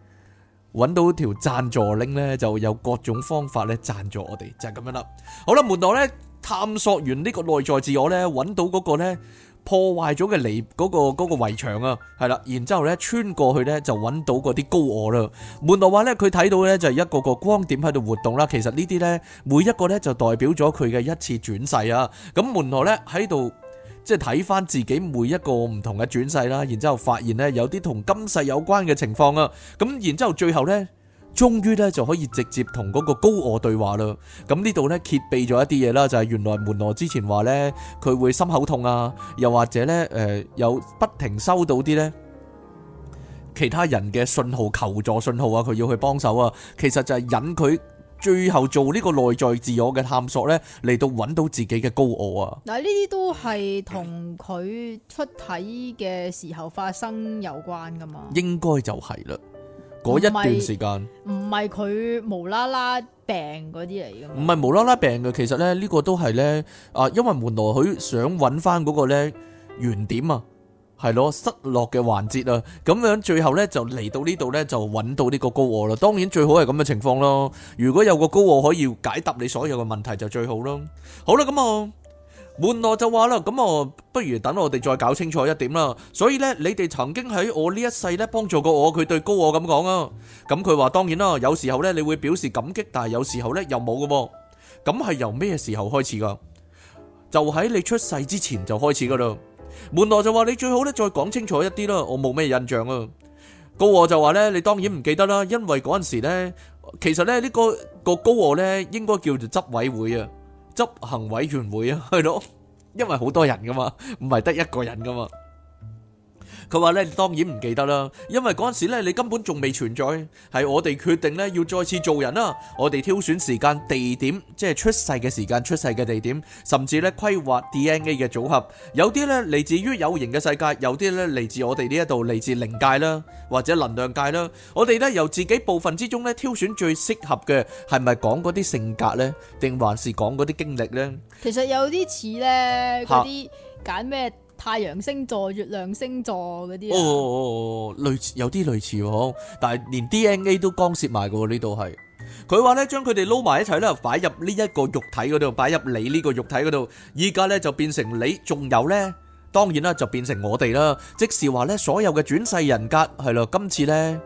Speaker 1: 搵到條贊助拎 i 咧，就有各種方法咧贊助我哋，就咁、是、樣啦。好啦,門內咧探索完呢個內在自我咧，搵到嗰個咧破壞咗嘅離嗰個嗰、那個圍牆啊，係啦，然之後咧穿過去咧就搵到嗰啲高我啦。門內話咧佢睇到咧就係一個個光點喺度活動啦，其實呢啲咧每一個咧就代表咗佢嘅一次轉世啊。咁門內咧喺度。即係睇翻自己每一個唔同嘅轉世啦，然之後發現呢有啲同今世有關嘅情況啊，咁然之後最後呢，終於呢就可以直接同嗰個高我對話啦。咁呢度呢，揭秘咗一啲嘢啦，就係原來門羅之前話呢，佢會心口痛啊，又或者呢，誒呃，有不停收到啲呢其他人嘅信號求助信號啊，佢要去幫手啊，其實就係引佢。最後做呢個內在自我嘅探索呢，嚟到揾到自己嘅高我啊！
Speaker 2: 嗱，呢啲都係同佢出體嘅時候發生有關噶嘛？
Speaker 1: 應該就係啦，
Speaker 2: 嗰一段時間唔係佢無啦啦病嗰啲嚟噶，
Speaker 1: 唔係無啦啦病嘅。其實咧呢呢個都係呢，啊，因為門羅佢想揾翻嗰個呢原點啊。係咯，失落嘅環節啊，咁樣最後呢就嚟到呢度呢就揾到呢個高我啦。當然最好係咁嘅情況咯。如果有個高我可以解答你所有嘅問題就最好咯。好啦，咁我門羅就話啦，咁我不如等我哋再搞清楚一點啦。所以呢，你哋曾經喺我呢一世呢幫助過我，佢對高我咁講啊。咁佢話當然啦，有時候呢你會表示感激，但係有時候呢又冇嘅。咁係由咩時候開始噶？就喺你出世之前就開始噶啦。門羅就話，你最好咧再講清楚一啲啦，我冇咩印象啊。高我就話咧，你當然唔記得啦，因為嗰陣時咧，其實咧呢個個高我咧應該叫做執委會啊，執行委員會啊，係咯，因為好多人噶嘛，唔係得一個人噶嘛。佢話咧，當然唔記得啦，因為嗰陣時咧，你根本仲未存在，係我哋決定咧要再次做人啦。我哋挑選時間、地點，即係出世嘅時間、出世嘅地點，甚至咧規劃 DNA 嘅組合。有啲咧嚟自於有形嘅世界，有啲咧嚟自我哋呢一度，嚟自靈界啦，或者能量界啦。我哋咧由自己部分之中咧挑選最適合嘅，係咪講嗰啲性格呢？定還是講嗰啲經歷呢？
Speaker 2: 其實有啲似咧嗰啲揀咩？太陽星座、月亮星座嗰啲哦，
Speaker 1: 類似有啲類似，但係連 DNA 都干涉埋嘅喎，呢度係。佢話咧，將佢哋撈埋一齊咧，就擺入呢一個肉體嗰度，擺入你呢個肉體嗰度。依家咧就變成你，仲有咧，當然啦，就變成我哋啦。即是話咧，所有嘅轉世人格係咯，今次咧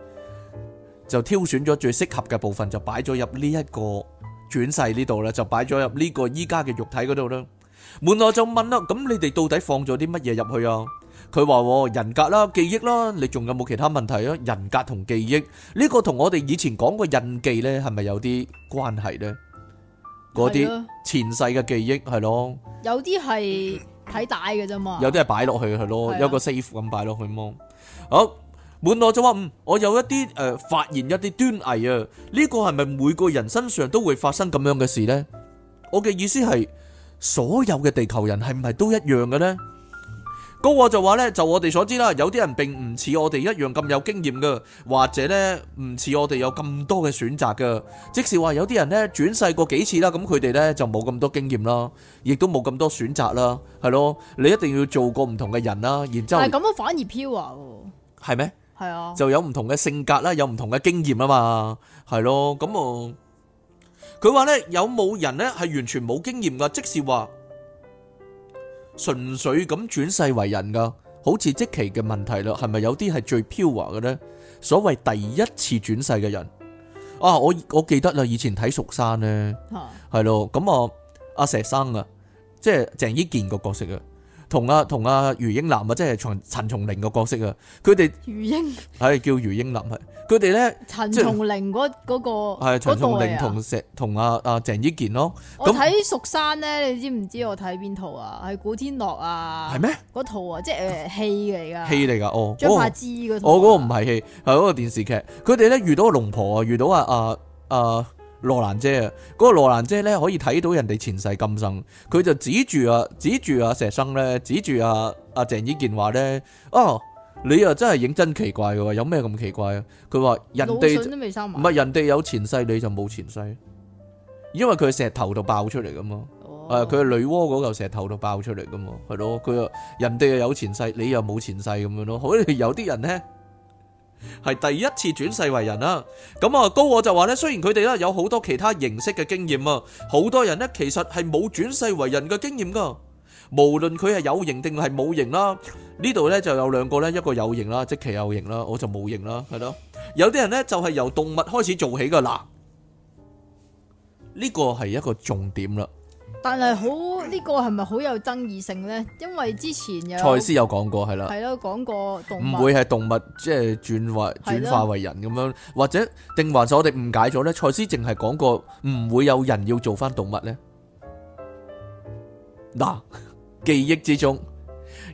Speaker 1: 就挑選咗最適合嘅部分，就擺咗入呢一個轉世呢度啦，就擺咗入呢個依家嘅肉體嗰度啦。門羅就問啦，咁你哋到底放咗啲乜嘢入去啊？佢話人格啦、記憶啦，你仲有冇其他問題啊？人格同記憶呢個同我哋以前講過印記咧，係咪有啲關係咧？嗰啲前世嘅記憶係咯，
Speaker 2: 有啲係睇大嘅啫嘛，有
Speaker 1: 啲係擺落去係咯，有個師傅咁擺落去麼？好，門羅就話嗯，我有一啲誒，發現一啲端倪啊，呢個係咪每個人身上都會發生咁樣嘅事咧？我嘅意思係。所有嘅地球人係咪都一樣嘅呢？高我就話呢，就我哋所知啦，有啲人並唔似我哋一樣咁有經驗噶，或者呢唔似我哋有咁多嘅選擇噶。即使話有啲人呢轉世過幾次啦，咁佢哋呢就冇咁多經驗啦，亦都冇咁多選擇啦，係咯。你一定要做過唔同嘅人啦，然之後但係咁
Speaker 2: 樣，我反而飄啊，
Speaker 1: 係咩？係啊，就有唔同嘅性格啦，有唔同嘅經驗啊嘛，係咯，咁我。佢話咧，有冇人咧係完全冇經驗噶，即是話純粹咁轉世為人噶，好似即期嘅問題啦。係咪有啲係最飄華嘅咧？所謂第一次轉世嘅人啊，我我記得啦，以前睇《蜀山》咧，係咯，咁啊阿石生啊，嗯、啊生即係鄭伊健個角色啊。同阿同阿余英男啊，即係陳陳松伶個角色啊，佢哋余英係、哎、叫余英男，佢哋咧陳松
Speaker 2: 伶嗰嗰個係陳松伶同
Speaker 1: 石同阿阿鄭伊健咯。我睇
Speaker 2: 《蜀山》咧那，你知唔知我睇邊套啊？係古天樂啊，係咩嗎？嗰套啊，即係誒戲嚟噶，戲
Speaker 1: 嚟噶哦。張柏芝嗰套，我、哦、嗰、那個唔係戲，係嗰個電視劇。佢哋咧遇到個龍婆啊，遇到，遇到啊。阿、啊、阿。啊羅蘭姐、那個、羅蘭姐啊，嗰個羅蘭姐咧，可以睇到人哋前世今生，佢就指住啊，指住阿石生咧，指住阿阿鄭伊健話咧，哦、啊，你又真係認真奇怪嘅喎，有咩咁奇怪啊？佢話人哋唔係人哋有前世，你就冇前世，因為佢係石頭度爆出嚟噶嘛。誒、哦，佢係女媧嗰嚿石頭度爆出嚟噶嘛，係咯，佢啊，人哋又有前世，你又冇前世咁樣咯，好似有啲人咧，係第一次轉世為人啦，咁啊高我就話咧，雖然佢哋咧有好多其他形式嘅經驗啊，好多人咧其實係冇轉世為人嘅經驗噶，無論佢係有形定係冇形啦，呢度咧就有兩個咧，一個有形啦，即其有形啦，我就冇形啦，係咯，有啲人咧就係由動物開始做起噶啦，呢個係一個重點啦。
Speaker 2: 但係好呢個係咪好有爭議性咧？因為之前有賽斯有
Speaker 1: 講過，係啦，係
Speaker 2: 咯，講過動物唔會係
Speaker 1: 動物即係轉化轉化為人咁樣，或者定還是我哋誤解咗咧？賽斯淨係講過唔會有人要做翻動物咧。嗱，記憶之中，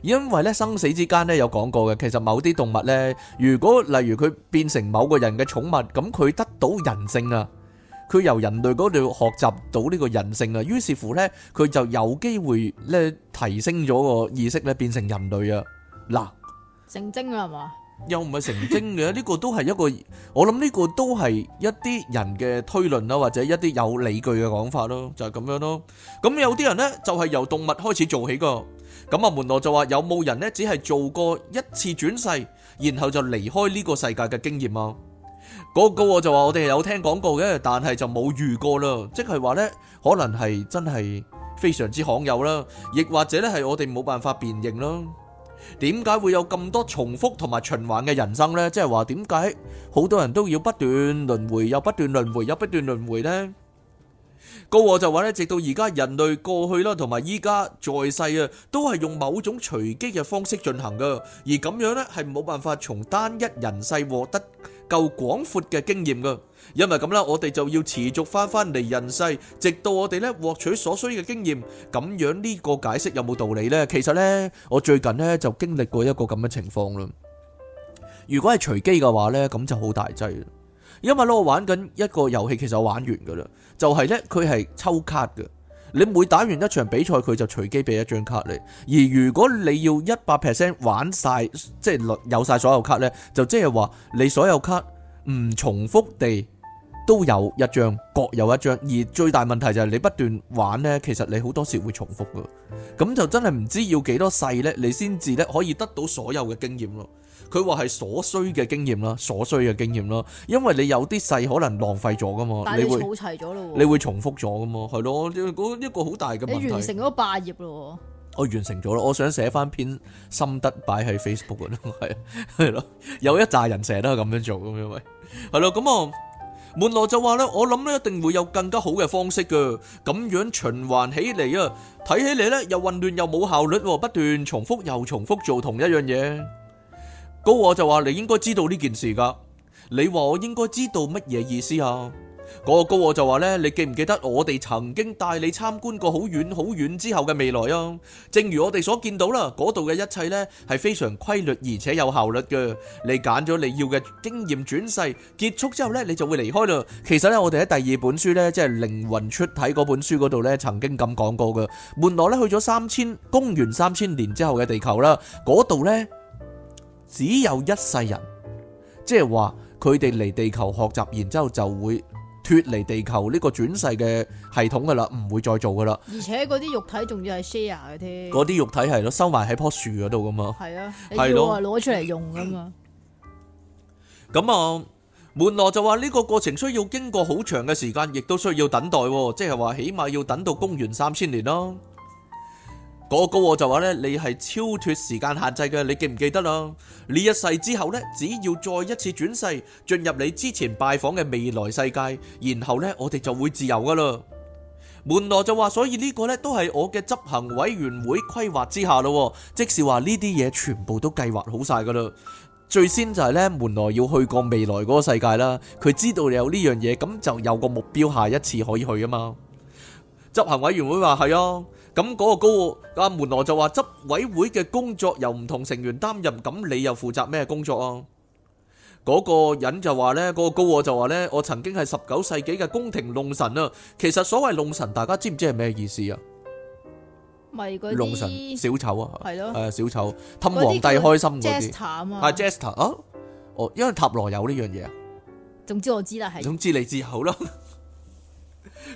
Speaker 1: 因為咧生死之間咧有講過嘅，其實某啲動物咧，如果例如佢變成某個人嘅寵物，咁佢得到人性啊。佢由人類嗰度學習到呢個人性啊，於是乎咧，佢就有機會咧提升咗個意識咧，變成人類啊！嗱，
Speaker 2: 成精啦，係嘛？
Speaker 1: 又唔係成精嘅，呢個都係一個，我諗呢個都係一啲人嘅推論啦，或者一啲有理據嘅講法咯，就係咁樣咯。咁有啲人咧就係由動物開始做起噶。咁，阿門羅就話：有冇人咧只係做過一次轉世，然後就離開呢個世界嘅經驗啊？嗰個高我就話我哋係有聽講過嘅，但係就冇遇過啦。即係話呢，可能係真係非常之罕有啦，亦或者呢係我哋冇辦法辨認啦。點解會有咁多重複同埋循環嘅人生呢？即係話點解好多人都要不斷輪迴，又不斷輪迴，又不斷輪迴呢？高我就話呢，直到而家人類過去啦，同埋依家在世啊，都係用某種隨機嘅方式進行噶，而咁樣呢係冇辦法從單一人世獲得夠廣闊嘅經驗噶，因為咁啦，我哋就要持續翻翻嚟人世，直到我哋咧獲取所需嘅經驗。咁樣呢個解釋有冇道理呢？其實呢，我最近呢就經歷過一個咁嘅情況啦。如果係隨機嘅話呢，咁就好大劑啦。因為咧，我玩緊一個遊戲，其實我玩完噶啦，就係呢佢係抽卡噶。你每打完一場比賽，佢就隨機俾一張卡你。而如果你要一百 percent 玩晒，即係有晒所有卡呢，就即係話你所有卡唔重複地都有一張，各有一張。而最大問題就係你不斷玩呢，其實你好多時會重複㗎。咁就真係唔知要幾多世呢，你先至呢可以得到所有嘅經驗咯。佢話係所需嘅經驗啦，所需嘅經驗啦，因為你有啲細可能浪費咗噶嘛，但係你會冇
Speaker 2: 齊咗咯，你
Speaker 1: 會重複咗噶嘛，係咯。嗰一個好大嘅問題，你完成
Speaker 2: 咗霸業啦，
Speaker 1: 我完成咗啦。我想寫翻篇心得擺喺 Facebook 嗰度，係係咯，有一紮人成日都係咁樣做咁樣喂，係咯咁啊。門羅就話咧，我諗咧一定會有更加好嘅方式噶，咁樣循環起嚟啊，睇起嚟咧又混亂又冇效率，不斷重複又重複做同一樣嘢。高我就話你應該知道呢件事噶，你話我應該知道乜嘢意思啊？嗰個高我就話呢，你記唔記得我哋曾經帶你參觀過好遠好遠之後嘅未來啊？正如我哋所見到啦，嗰度嘅一切呢係非常規律而且有效率嘅。你揀咗你要嘅經驗轉世，結束之後呢你就會離開啦。其實呢，我哋喺第二本書呢，即係靈魂出體嗰本書嗰度呢曾經咁講過嘅。門羅呢去咗三千，公元三千年之後嘅地球啦，嗰度呢。只有一世人，即係話佢哋嚟地球學習，然之後就會脫離地球呢個轉世嘅系統噶啦，唔會再做噶啦。而
Speaker 2: 且嗰啲肉體仲要係 share 嘅添。嗰
Speaker 1: 啲肉體係咯，收埋喺棵樹嗰度噶嘛。
Speaker 2: 係啊，你要啊，攞出嚟用噶嘛。
Speaker 1: 咁的 啊，門羅就話呢個過程需要經過好長嘅時間，亦都需要等待，即係話起碼要等到公元三千年咯。嗰個就話呢，你係超脫時間限制嘅，你記唔記得啦？呢一世之後呢，只要再一次轉世，進入你之前拜訪嘅未來世界，然後呢，我哋就會自由噶啦。門羅就話，所以呢個呢，都係我嘅執行委員會規劃之下咯，即是話呢啲嘢全部都計劃好晒噶啦。最先就係呢，門羅要去過未來嗰個世界啦，佢知道你有呢樣嘢，咁就有個目標，下一次可以去啊嘛。執行委員會話係啊。咁嗰個高我阿，門羅就話，執委會嘅工作由唔同成員擔任，咁你又負責咩工作啊？嗰個人就話咧，嗰個高我就話咧，我曾經係十九世紀嘅宮廷弄臣啊。其實所謂弄臣，大家知唔知係咩意思啊？
Speaker 2: 咪嗰啲小
Speaker 1: 丑啊，係咯，誒，小丑氹皇帝開心嗰啲啊，Jester 啊，哦，因為塔羅有呢樣嘢啊。
Speaker 2: 總之我知啦，係
Speaker 1: 總之你自好啦。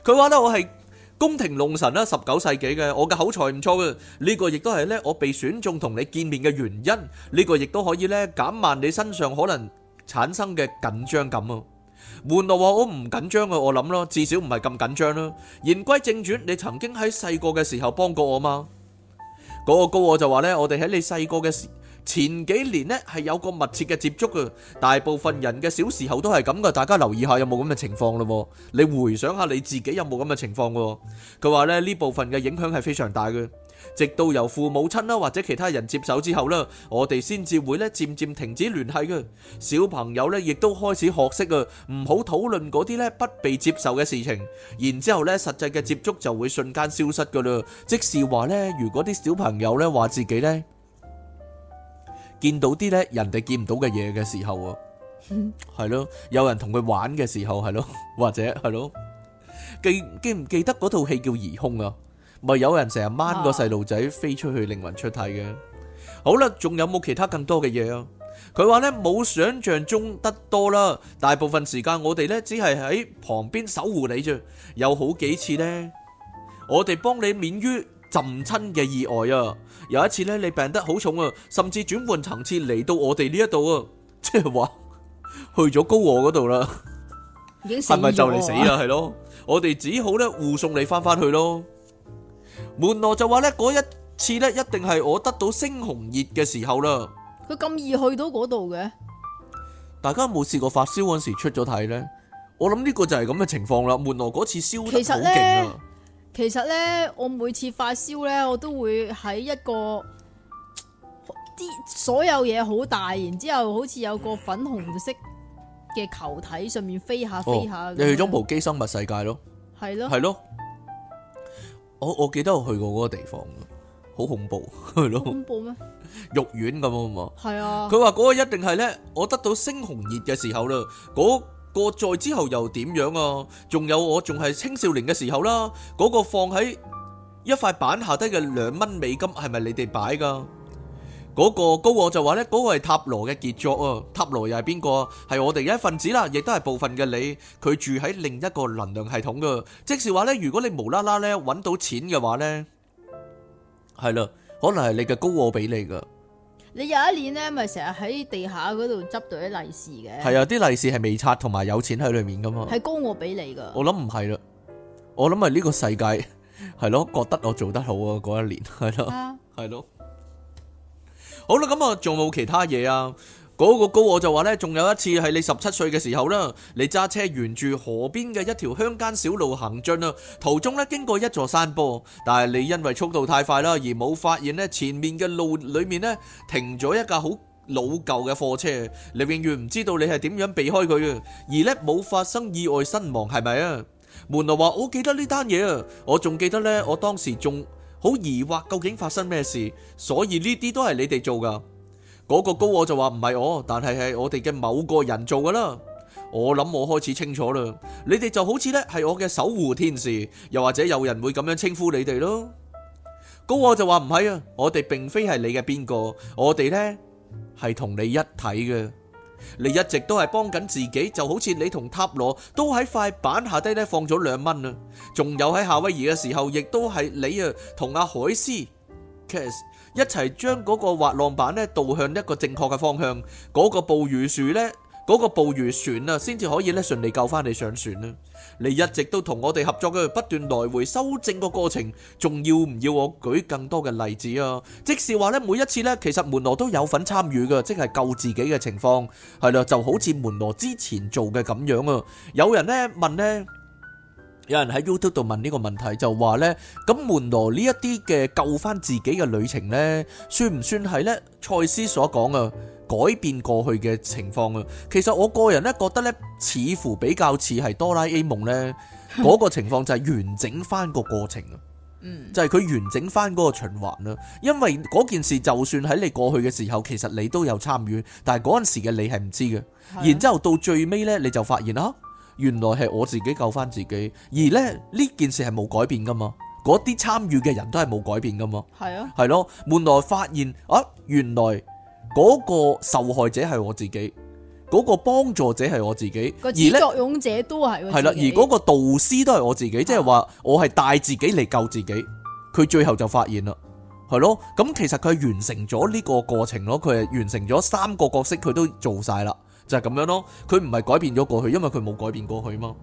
Speaker 1: 佢話咧，我係。宮廷龍神啦，十九世紀嘅，我嘅口才唔錯嘅，呢個亦都係咧我被選中同你見面嘅原因，呢個亦都可以咧減慢你身上可能產生嘅緊張感啊。換到話，我唔緊張嘅，我諗咯，至少唔係咁緊張啦。言歸正傳，你曾經喺細個嘅時候幫過我嘛？嗰個高我就話呢，我哋喺你細個嘅時。前幾年呢，係有個密切嘅接觸㗎。大部分人嘅小時候都係咁㗎，大家留意下有冇咁嘅情況㗎喎。你回想下你自己有冇咁嘅情況㗎喎。佢話呢，呢部分嘅影響係非常大㗎。直到由父母親啦，或者其他人接手之後啦，我哋先至會呢，漸漸停止聯繫㗎。小朋友呢，亦都開始學識㗎，唔好討論嗰啲呢，不被接受嘅事情。然之後呢，實際嘅接觸就會瞬間消失㗎啦。即是話呢，如果啲小朋友呢，話自己呢，見到啲咧人哋見唔到嘅嘢嘅時候啊，係咯，有人同佢玩嘅時候係咯，或者係咯，記記唔記得嗰套戲叫《疑空》啊？咪有人成日掹個細路仔飛出去靈魂出體嘅。好啦，仲有冇其他更多嘅嘢啊？佢話咧冇想象中得多啦。大部分時間我哋咧只係喺旁邊守護你啫。有好幾次咧，我哋幫你免於。甚親嘅意外啊！有一次咧，你病得好重啊，甚至轉換層次嚟到我哋呢一度啊，即係話去咗高我嗰度啦，已經係咪就嚟死啦？係咯，我哋只好咧護送你翻翻去咯。門羅就話咧，嗰一次咧，一定係我得到猩紅熱嘅時候啦。
Speaker 2: 佢咁易去到嗰度嘅？
Speaker 1: 大家冇試過發燒嗰時出咗體咧？我諗呢個就係咁嘅情況啦。門羅嗰次燒得好勁啊！
Speaker 2: 其實咧，我每次發燒咧，我都會喺一個啲所有嘢好大，然之後好似有個粉紅色嘅球體上面飛下飛下。你去咗部
Speaker 1: 機生物世界咯？
Speaker 2: 係咯，係咯。
Speaker 1: 我我記得我去過嗰個地方好恐怖，係咯。恐
Speaker 2: 怖咩？
Speaker 1: 肉丸咁樣啊嘛。係啊。佢話嗰個一定係咧，我得到猩紅熱嘅時候喇，過再之後又點樣啊？仲有我仲係青少年嘅時候啦，嗰個放喺一塊板下低嘅兩蚊美金係咪你哋擺噶？嗰個高我就話咧，嗰個係塔羅嘅傑作啊！塔羅又係邊個？係我哋嘅一份子啦，亦都係部分嘅你。佢住喺另一個能量系統噶，即是話咧，如果你無啦啦咧揾到錢嘅話咧，係啦，可能係你嘅高我俾你噶。
Speaker 2: 你有一年咧，咪成日喺地下嗰度執到啲利是嘅？係啊，
Speaker 1: 啲利是係未拆，同埋有錢喺裏面噶嘛？係
Speaker 2: 高我俾你噶。我
Speaker 1: 諗唔係啦，我諗係呢個世界係咯， 覺得我做得好啊！嗰一年係咯，係咯。好啦，咁我仲冇其他嘢啊。嗰個高我就話呢，仲有一次係你十七歲嘅時候啦，你揸車沿住河邊嘅一條鄉間小路行進啊，途中咧經過一座山坡，但係你因為速度太快啦，而冇發現呢前面嘅路裏面呢停咗一架好老舊嘅貨車，你永遠唔知道你係點樣避開佢嘅，而呢冇發生意外身亡係咪啊？門羅話：我記得呢單嘢啊，我仲記得呢，我當時仲好疑惑究竟發生咩事，所以呢啲都係你哋做噶。嗰個高我就話唔係我，但係係我哋嘅某個人做嘅啦。我諗我開始清楚啦。你哋就好似咧係我嘅守護天使，又或者有人會咁樣稱呼你哋咯。高我就話唔係啊，我哋並非係你嘅邊個，我哋呢係同你一體嘅。你一直都係幫緊自己，就好似你同塔羅都喺塊板下低咧放咗兩蚊啊，仲有喺夏威夷嘅時候，亦都係你啊同阿海斯。Cass，一齊將嗰個滑浪板咧，導向一個正確嘅方向，嗰個捕魚船咧，嗰個捕魚船啊，先至可以咧順利救翻你上船啦。你一直都同我哋合作嘅，不斷來回修正個過程，仲要唔要我舉更多嘅例子啊？即是話咧，每一次咧，其實門羅都有份參與嘅，即係救自己嘅情況，係啦，就好似門羅之前做嘅咁樣啊。有人咧問咧。有人喺 YouTube 度問呢個問題，就話呢：「咁門羅呢一啲嘅救翻自己嘅旅程呢，算唔算係呢？賽斯所講嘅改變過去嘅情況啊？其實我個人呢覺得呢，似乎比較似係哆啦 A 夢呢。嗰 個情況，就係完整翻個過程啊。 就係佢完整翻嗰個循環啦。因為嗰件事就算喺你過去嘅時候，其實你都有參與，但係嗰陣時嘅你係唔知嘅。的然之後到最尾呢，你就發現啦。啊原來係我自己救翻自己，而呢呢件事係冇改變噶嘛，嗰啲參與嘅人都係冇改變噶嘛。係啊，係咯，後來發現啊，原來嗰個受害者係我自己，嗰、嗰個幫助者係我自己，個俑而呢作
Speaker 2: 俑者都係，係啦、啊，而
Speaker 1: 嗰個導師都係我自己，即係話我係帶自己嚟救自己。佢最後就發現啦，係咯，咁其實佢完成咗呢個過程咯，佢係完成咗三個角色，佢都做晒啦。就係咁樣咯，佢唔係改變咗過去，因為佢冇改變過去嘛。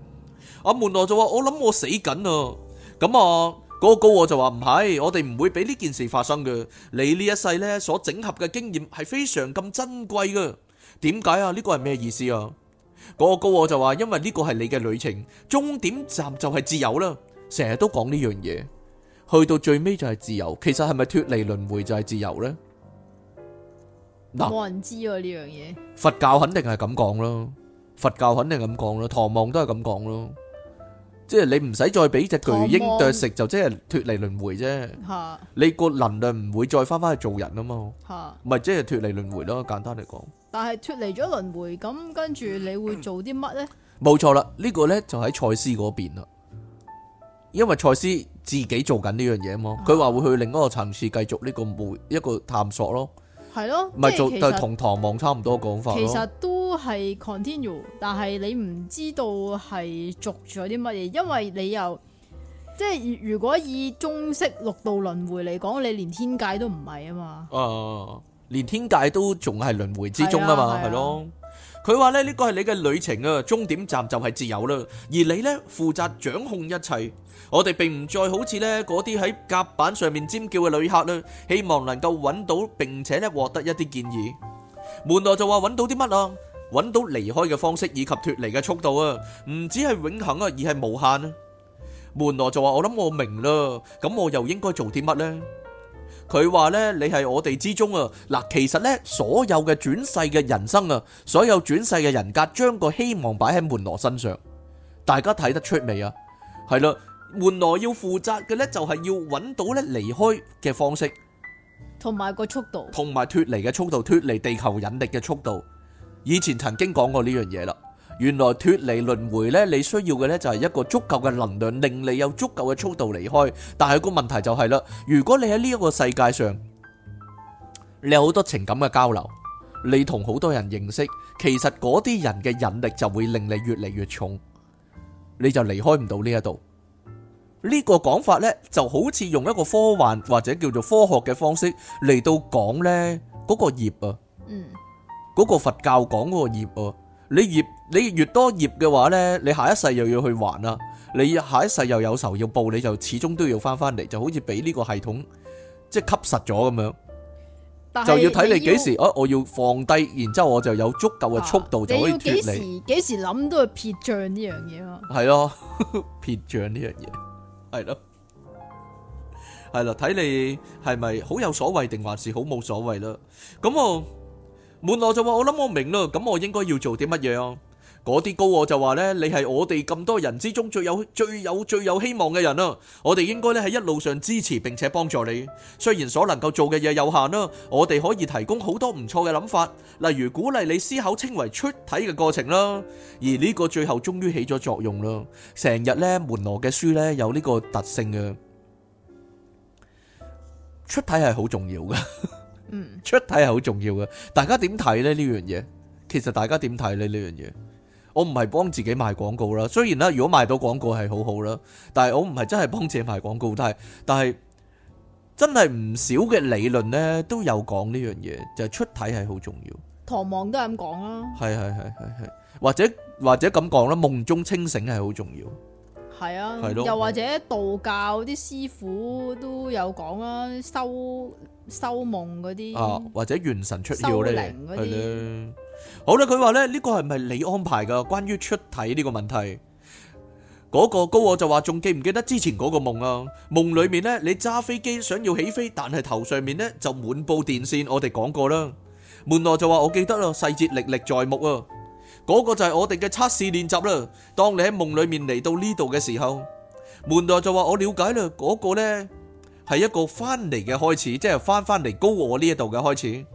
Speaker 1: 阿門羅就話：我諗我死緊啊！咁啊，嗰個高我就話唔係，我哋唔會俾呢件事發生嘅。你呢一世呢所整合嘅經驗係非常咁珍貴嘅。點解啊？呢個係咩意思啊？嗰個高我就話：因為呢個係你嘅旅程，終點站就係自由啦。成日都講呢樣嘢，去到最尾就係自由。其實係咪脫離輪迴就係自由呢？冇
Speaker 2: 人知呢樣嘢，
Speaker 1: 佛教肯定係咁講咯，佛教肯定咁講咯，唐望都係咁講咯，即係你唔使再俾隻巨鷹啄食，就即係脫離輪迴啫。吓，你個能量唔會再翻翻去做人啊嘛。吓，咪即係脫離輪迴咯，簡單嚟講。
Speaker 2: 但係脫離咗輪迴，咁跟住你會做啲乜呢？
Speaker 1: 冇錯啦，呢個呢就喺賽斯嗰邊啦，因為賽斯自己做緊呢樣嘢啊嘛，佢話會去另一個層次繼續呢個一個探索咯。
Speaker 2: 係是咯，唔係做，同
Speaker 1: 唐望差唔多講法，即係其實
Speaker 2: 都係 continue，但係你唔知道係續咗啲乜嘢，因為你又即係如果以中式六道輪迴嚟講，你連天界都唔係啊嘛，
Speaker 1: 啊，連天界都仲係輪迴之中啊嘛，係、啊啊、咯。佢話呢呢個係你嘅旅程啊，終點站就係自由啦，而你呢負責掌控一切。我哋並唔再好似呢嗰啲喺甲板上面尖叫嘅旅客啦，希望能夠揾到並且呢獲得一啲建議。門羅就話揾到啲乜啊？揾到離開嘅方式以及脱離嘅速度啊，唔止係永恒啊，而係無限啊。門羅就話我諗我明啦，咁我又應該做啲乜呢？佢話呢，你係我哋之中啊！嗱，其實呢，所有嘅轉世嘅人生啊，所有轉世嘅人格，將個希望擺喺門羅身上，大家睇得出未啊？係啦，門羅要負責嘅呢，就係要揾到呢離開嘅方式，
Speaker 2: 同埋個速
Speaker 1: 度，同埋脫離嘅速度，脫離地球引力嘅速度，以前曾經講過呢樣嘢啦。原來脫離輪迴呢，你需要嘅呢就係一個足夠嘅能量，令你有足夠嘅速度離開。但係個問題就係啦，如果你喺呢一個世界上，你有好多情感嘅交流，你同好多人認識，其實嗰啲人嘅引力就會令你越嚟越重，你就離開唔到呢一度。呢個講法呢就好似用一個科幻或者叫做科學嘅方式嚟到講呢嗰個業啊，嗰個佛教講嗰個業啊。你業，你越多業嘅話咧，你下一世又要去還啦，你下一世又有仇要報，你就始終都要翻翻嚟，就好似俾呢個系統即係吸實咗咁樣，但是
Speaker 2: 就要睇你幾要時，我、
Speaker 1: 啊、我要放低，然之後我就有足夠嘅速度就可以脫離。
Speaker 2: 幾時諗都係撇賬呢樣嘢啊？
Speaker 1: 係咯是的， 撇賬呢樣嘢係咯，係啦，睇你係咪好有所謂定還是好冇所謂啦？咁我。門羅就話，我諗我明咯，咁我應該要做啲乜嘢啊？嗰啲高我就話呢，你係我哋咁多人之中最有，最有，最有希望嘅人啦。我哋應該呢，喺一路上支持，並且幫助你。雖然所能夠做嘅嘢有限啦，我哋可以提供好多唔錯嘅諗法，例如鼓勵你思考稱為出體嘅過程啦。而呢個最後終於起咗作用啦。成日呢，出體係好重要嘅，大家點睇咧呢樣嘢？其實大家點睇咧呢樣嘢？我唔係幫自己賣廣告啦，雖然咧如果賣到廣告係好好啦，但係我唔係真係幫自己賣廣告，但係但係真係唔少嘅理論咧都有講呢樣嘢，就係、出體係好重要。
Speaker 2: 唐望都係咁講啦，係
Speaker 1: 係係係，或者或者咁講啦，夢中清醒係好重要，
Speaker 2: 係啊，的又或者道教啲、嗯、師傅都有講啦，修。
Speaker 1: 修夢嗰啲，或者元神出竅咧，係咧。好啦，佢話咧呢個係咪你安排噶？關於出體呢個問題，嗰個高我就話，仲記唔記得之前嗰個夢啊？夢裏面咧，你揸飛機想要起飛，但係頭上面咧就滿布電線。我哋講過啦，門羅就話我記得啦，細節歷歷在目啊。嗰個就係我哋嘅測試練習啦。當你喺夢裏面嚟到呢度嘅時候，門羅就話我了解啦。嗰個咧。係一個翻嚟嘅開始，即係翻翻嚟高我呢一度嘅開始。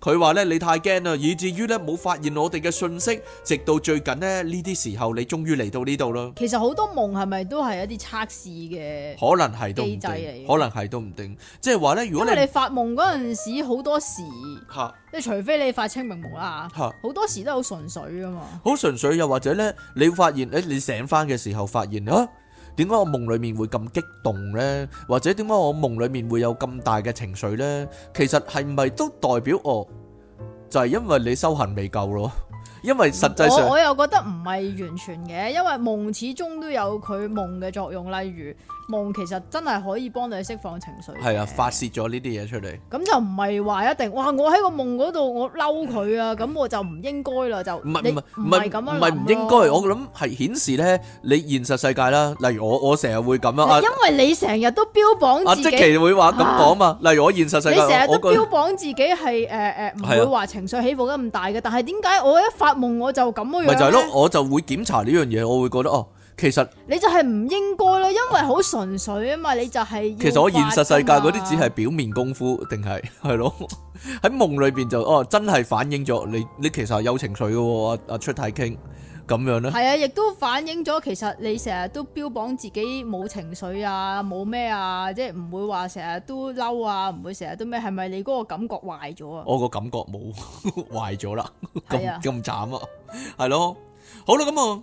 Speaker 1: 佢話咧，你太驚啦，以至於咧冇發現我哋嘅訊息，直到最近呢，呢啲時候你終於，你終於嚟到呢度咯。
Speaker 2: 其實好多夢係咪都係一啲測試嘅？可
Speaker 1: 能係都唔定，可能係都唔定。即係話咧，如果你,你發
Speaker 2: 夢嗰陣時，好多時，即係哈除非你發清明夢啦，好哈多時都好純粹噶嘛。
Speaker 1: 好純粹，又或者咧，你會發現，誒，你醒翻嘅時候發現啊。點解我夢裡面會咁激動呢？或者點解我夢裡面會有咁大嘅情緒呢？其實係唔係都代表我，就係因為你修行未夠咯？因為實際上，我我
Speaker 2: 又覺得唔係完全嘅，因為夢始終都有佢夢嘅作用，例如。夢其實真係可以幫你釋放情緒，
Speaker 1: 係啊，發泄咗呢啲嘢出嚟。
Speaker 2: 咁就唔係話一定，哇！我喺個夢嗰度，我嬲佢啊，咁我就唔應該啦，就唔係唔係唔係咁樣，唔係唔應該。我
Speaker 1: 諗係顯示咧，你現實世界啦，例如我我成日會咁啦，係因
Speaker 2: 為你成日都標榜自己會話咁講啊
Speaker 1: 嘛。例如我現實世界，你成日都標
Speaker 2: 榜自己係誒誒，唔會話情緒起伏咁大嘅，但係點解我一發夢我就咁嘅樣咧？咪就係咯，
Speaker 1: 我就會檢查呢樣嘢，我會覺得哦。其實
Speaker 2: 你就係唔應該咯，因為好純粹啊嘛，你就係其實我現實世界嗰啲只係
Speaker 1: 表面功夫，定係係咯？喺 夢裏邊就哦，真係反映咗你，你其實有情緒嘅，阿、啊、阿出太傾咁樣咧。係啊，
Speaker 2: 亦都反映咗，其實你成日都標榜自己冇情緒啊，冇咩啊，即係唔會話成日都嬲啊，唔會成日都咩？係咪你嗰個感覺壞咗 啊？我
Speaker 1: 個感覺冇壞咗啦，咁咁慘啊，係咯？好啦，咁啊。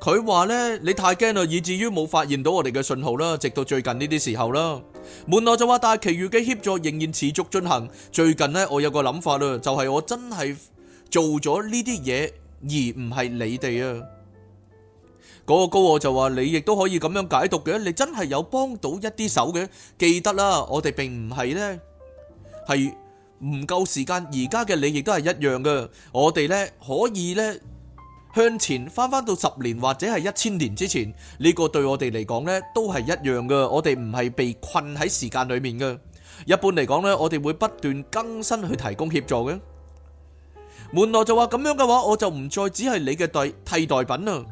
Speaker 1: 佢話呢，你太驚啦，以至於冇發現到我哋嘅信號啦。直到最近呢啲時候啦，門內就話，但係其餘嘅協助仍然持續進行。最近呢，我有個諗法啊，就係我真係做咗呢啲嘢，而唔係你哋啊。嗰個高我就話，你亦都可以咁樣解讀嘅。你真係有幫到一啲手嘅，記得啦。我哋並唔係呢，係唔夠時間。而家嘅你亦都係一樣嘅。我哋呢，可以呢。向前翻翻到十年或者係一千年之前，呢個對我哋嚟講呢都係一樣嘅。我哋唔係被困喺時間裏面嘅。一般嚟講呢，我哋會不斷更新去提供協助嘅。門羅就話咁樣嘅話，我就唔再只係你嘅代替代品啦。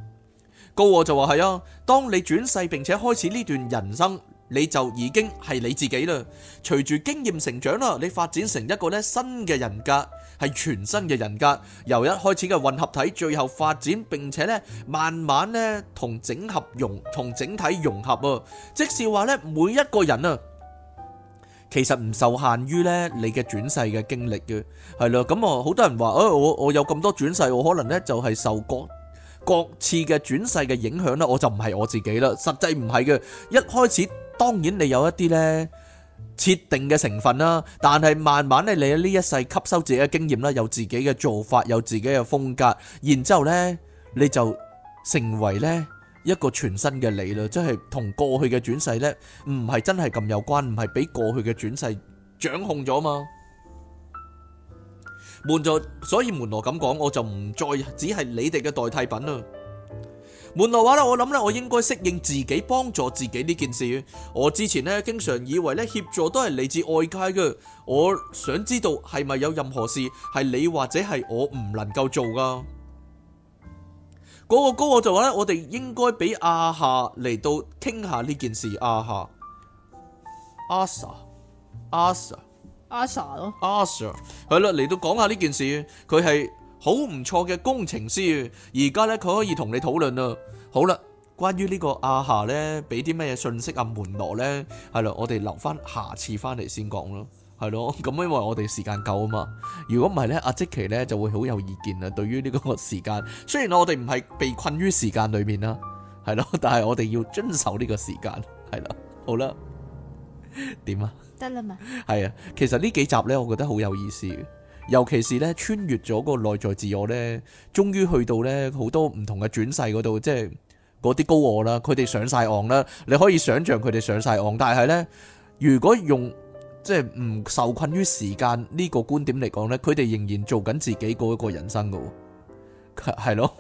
Speaker 1: 高我就話係啊，當你轉世並且開始呢段人生。你就已經係你自己啦，隨住經驗成長啦，你發展成一個咧新嘅人格，係全新嘅人格，由一開始嘅混合體，最後發展並且咧慢慢咧同整合融同整體融合哦。即是話咧，每一個人啊，其實唔受限於咧你嘅轉世嘅經歷嘅，係咯。咁啊，好多人話，誒，我我有咁多轉世，我可能咧就係受各各次嘅轉世嘅影響咧，我就唔係我自己啦。實際唔係嘅，一開始。當然你有一啲咧設定嘅成分啦，但係慢慢咧你喺呢一世吸收自己嘅經驗啦，有自己嘅做法，有自己嘅風格，然之後咧你就成為咧一個全新嘅你啦，即係同過去嘅轉世咧唔係真係咁有關，唔係俾過去嘅轉世掌控咗嘛。門羅，所以門羅咁講，我就唔再只係你哋嘅代替品啦。門內話咧，我諗咧，我應該適應自己幫助自己呢件事。我之前咧，經常以為咧協助都係嚟自外界嘅。我想知道係咪有任何事係你或者係我唔能夠做噶？嗰個哥我就話咧，我哋應該俾阿夏嚟到傾下呢件事。阿夏，
Speaker 2: 阿 sa，阿 sa，阿 sa，
Speaker 1: 阿 sa，係啦，嚟到講下呢件事，佢係。好唔錯嘅工程師，而家呢，佢可以同你討論啦。好啦，關於呢個阿霞呢，俾啲咩信息啊，門羅呢？係咯，我哋留翻下，下次翻嚟先講咯。係咯，咁因為我哋時間夠啊嘛。如果唔係呢，阿積琪呢就會好有意見啊。對於呢個時間，雖然我哋唔係被困於時間裏面啦，係咯，但係我哋要遵守呢個時間。係啦，好啦，點啊？得啦嘛。係啊，其實呢幾集呢，我覺得好有意思。尤其是咧，穿越咗個內在自我咧，終於去到咧好多唔同嘅轉世嗰度，即係嗰啲高我啦，佢哋上晒岸啦。你可以想象佢哋上晒岸，但係咧，如果用即係唔受困於時間呢個觀點嚟講咧，佢哋仍然做緊自己嗰個人生嘅，係係咯，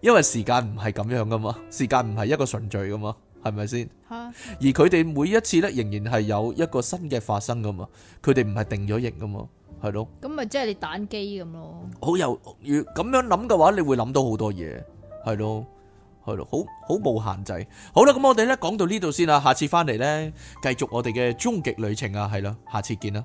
Speaker 1: 因為時間唔係咁樣噶嘛，時間唔係一個順序噶嘛，係咪先？而佢哋每一次咧，仍然係有一個新嘅發生噶嘛，佢哋唔係定咗型噶嘛。係咯，
Speaker 2: 咁咪即係你彈機咁咯。
Speaker 1: 好有要咁樣諗嘅話，你會諗到好多嘢。係咯，係咯，好好無限制。好啦，咁我哋咧講到呢度先啦，下次翻嚟咧，繼續我哋嘅終極旅程啊！係啦，下次見啦。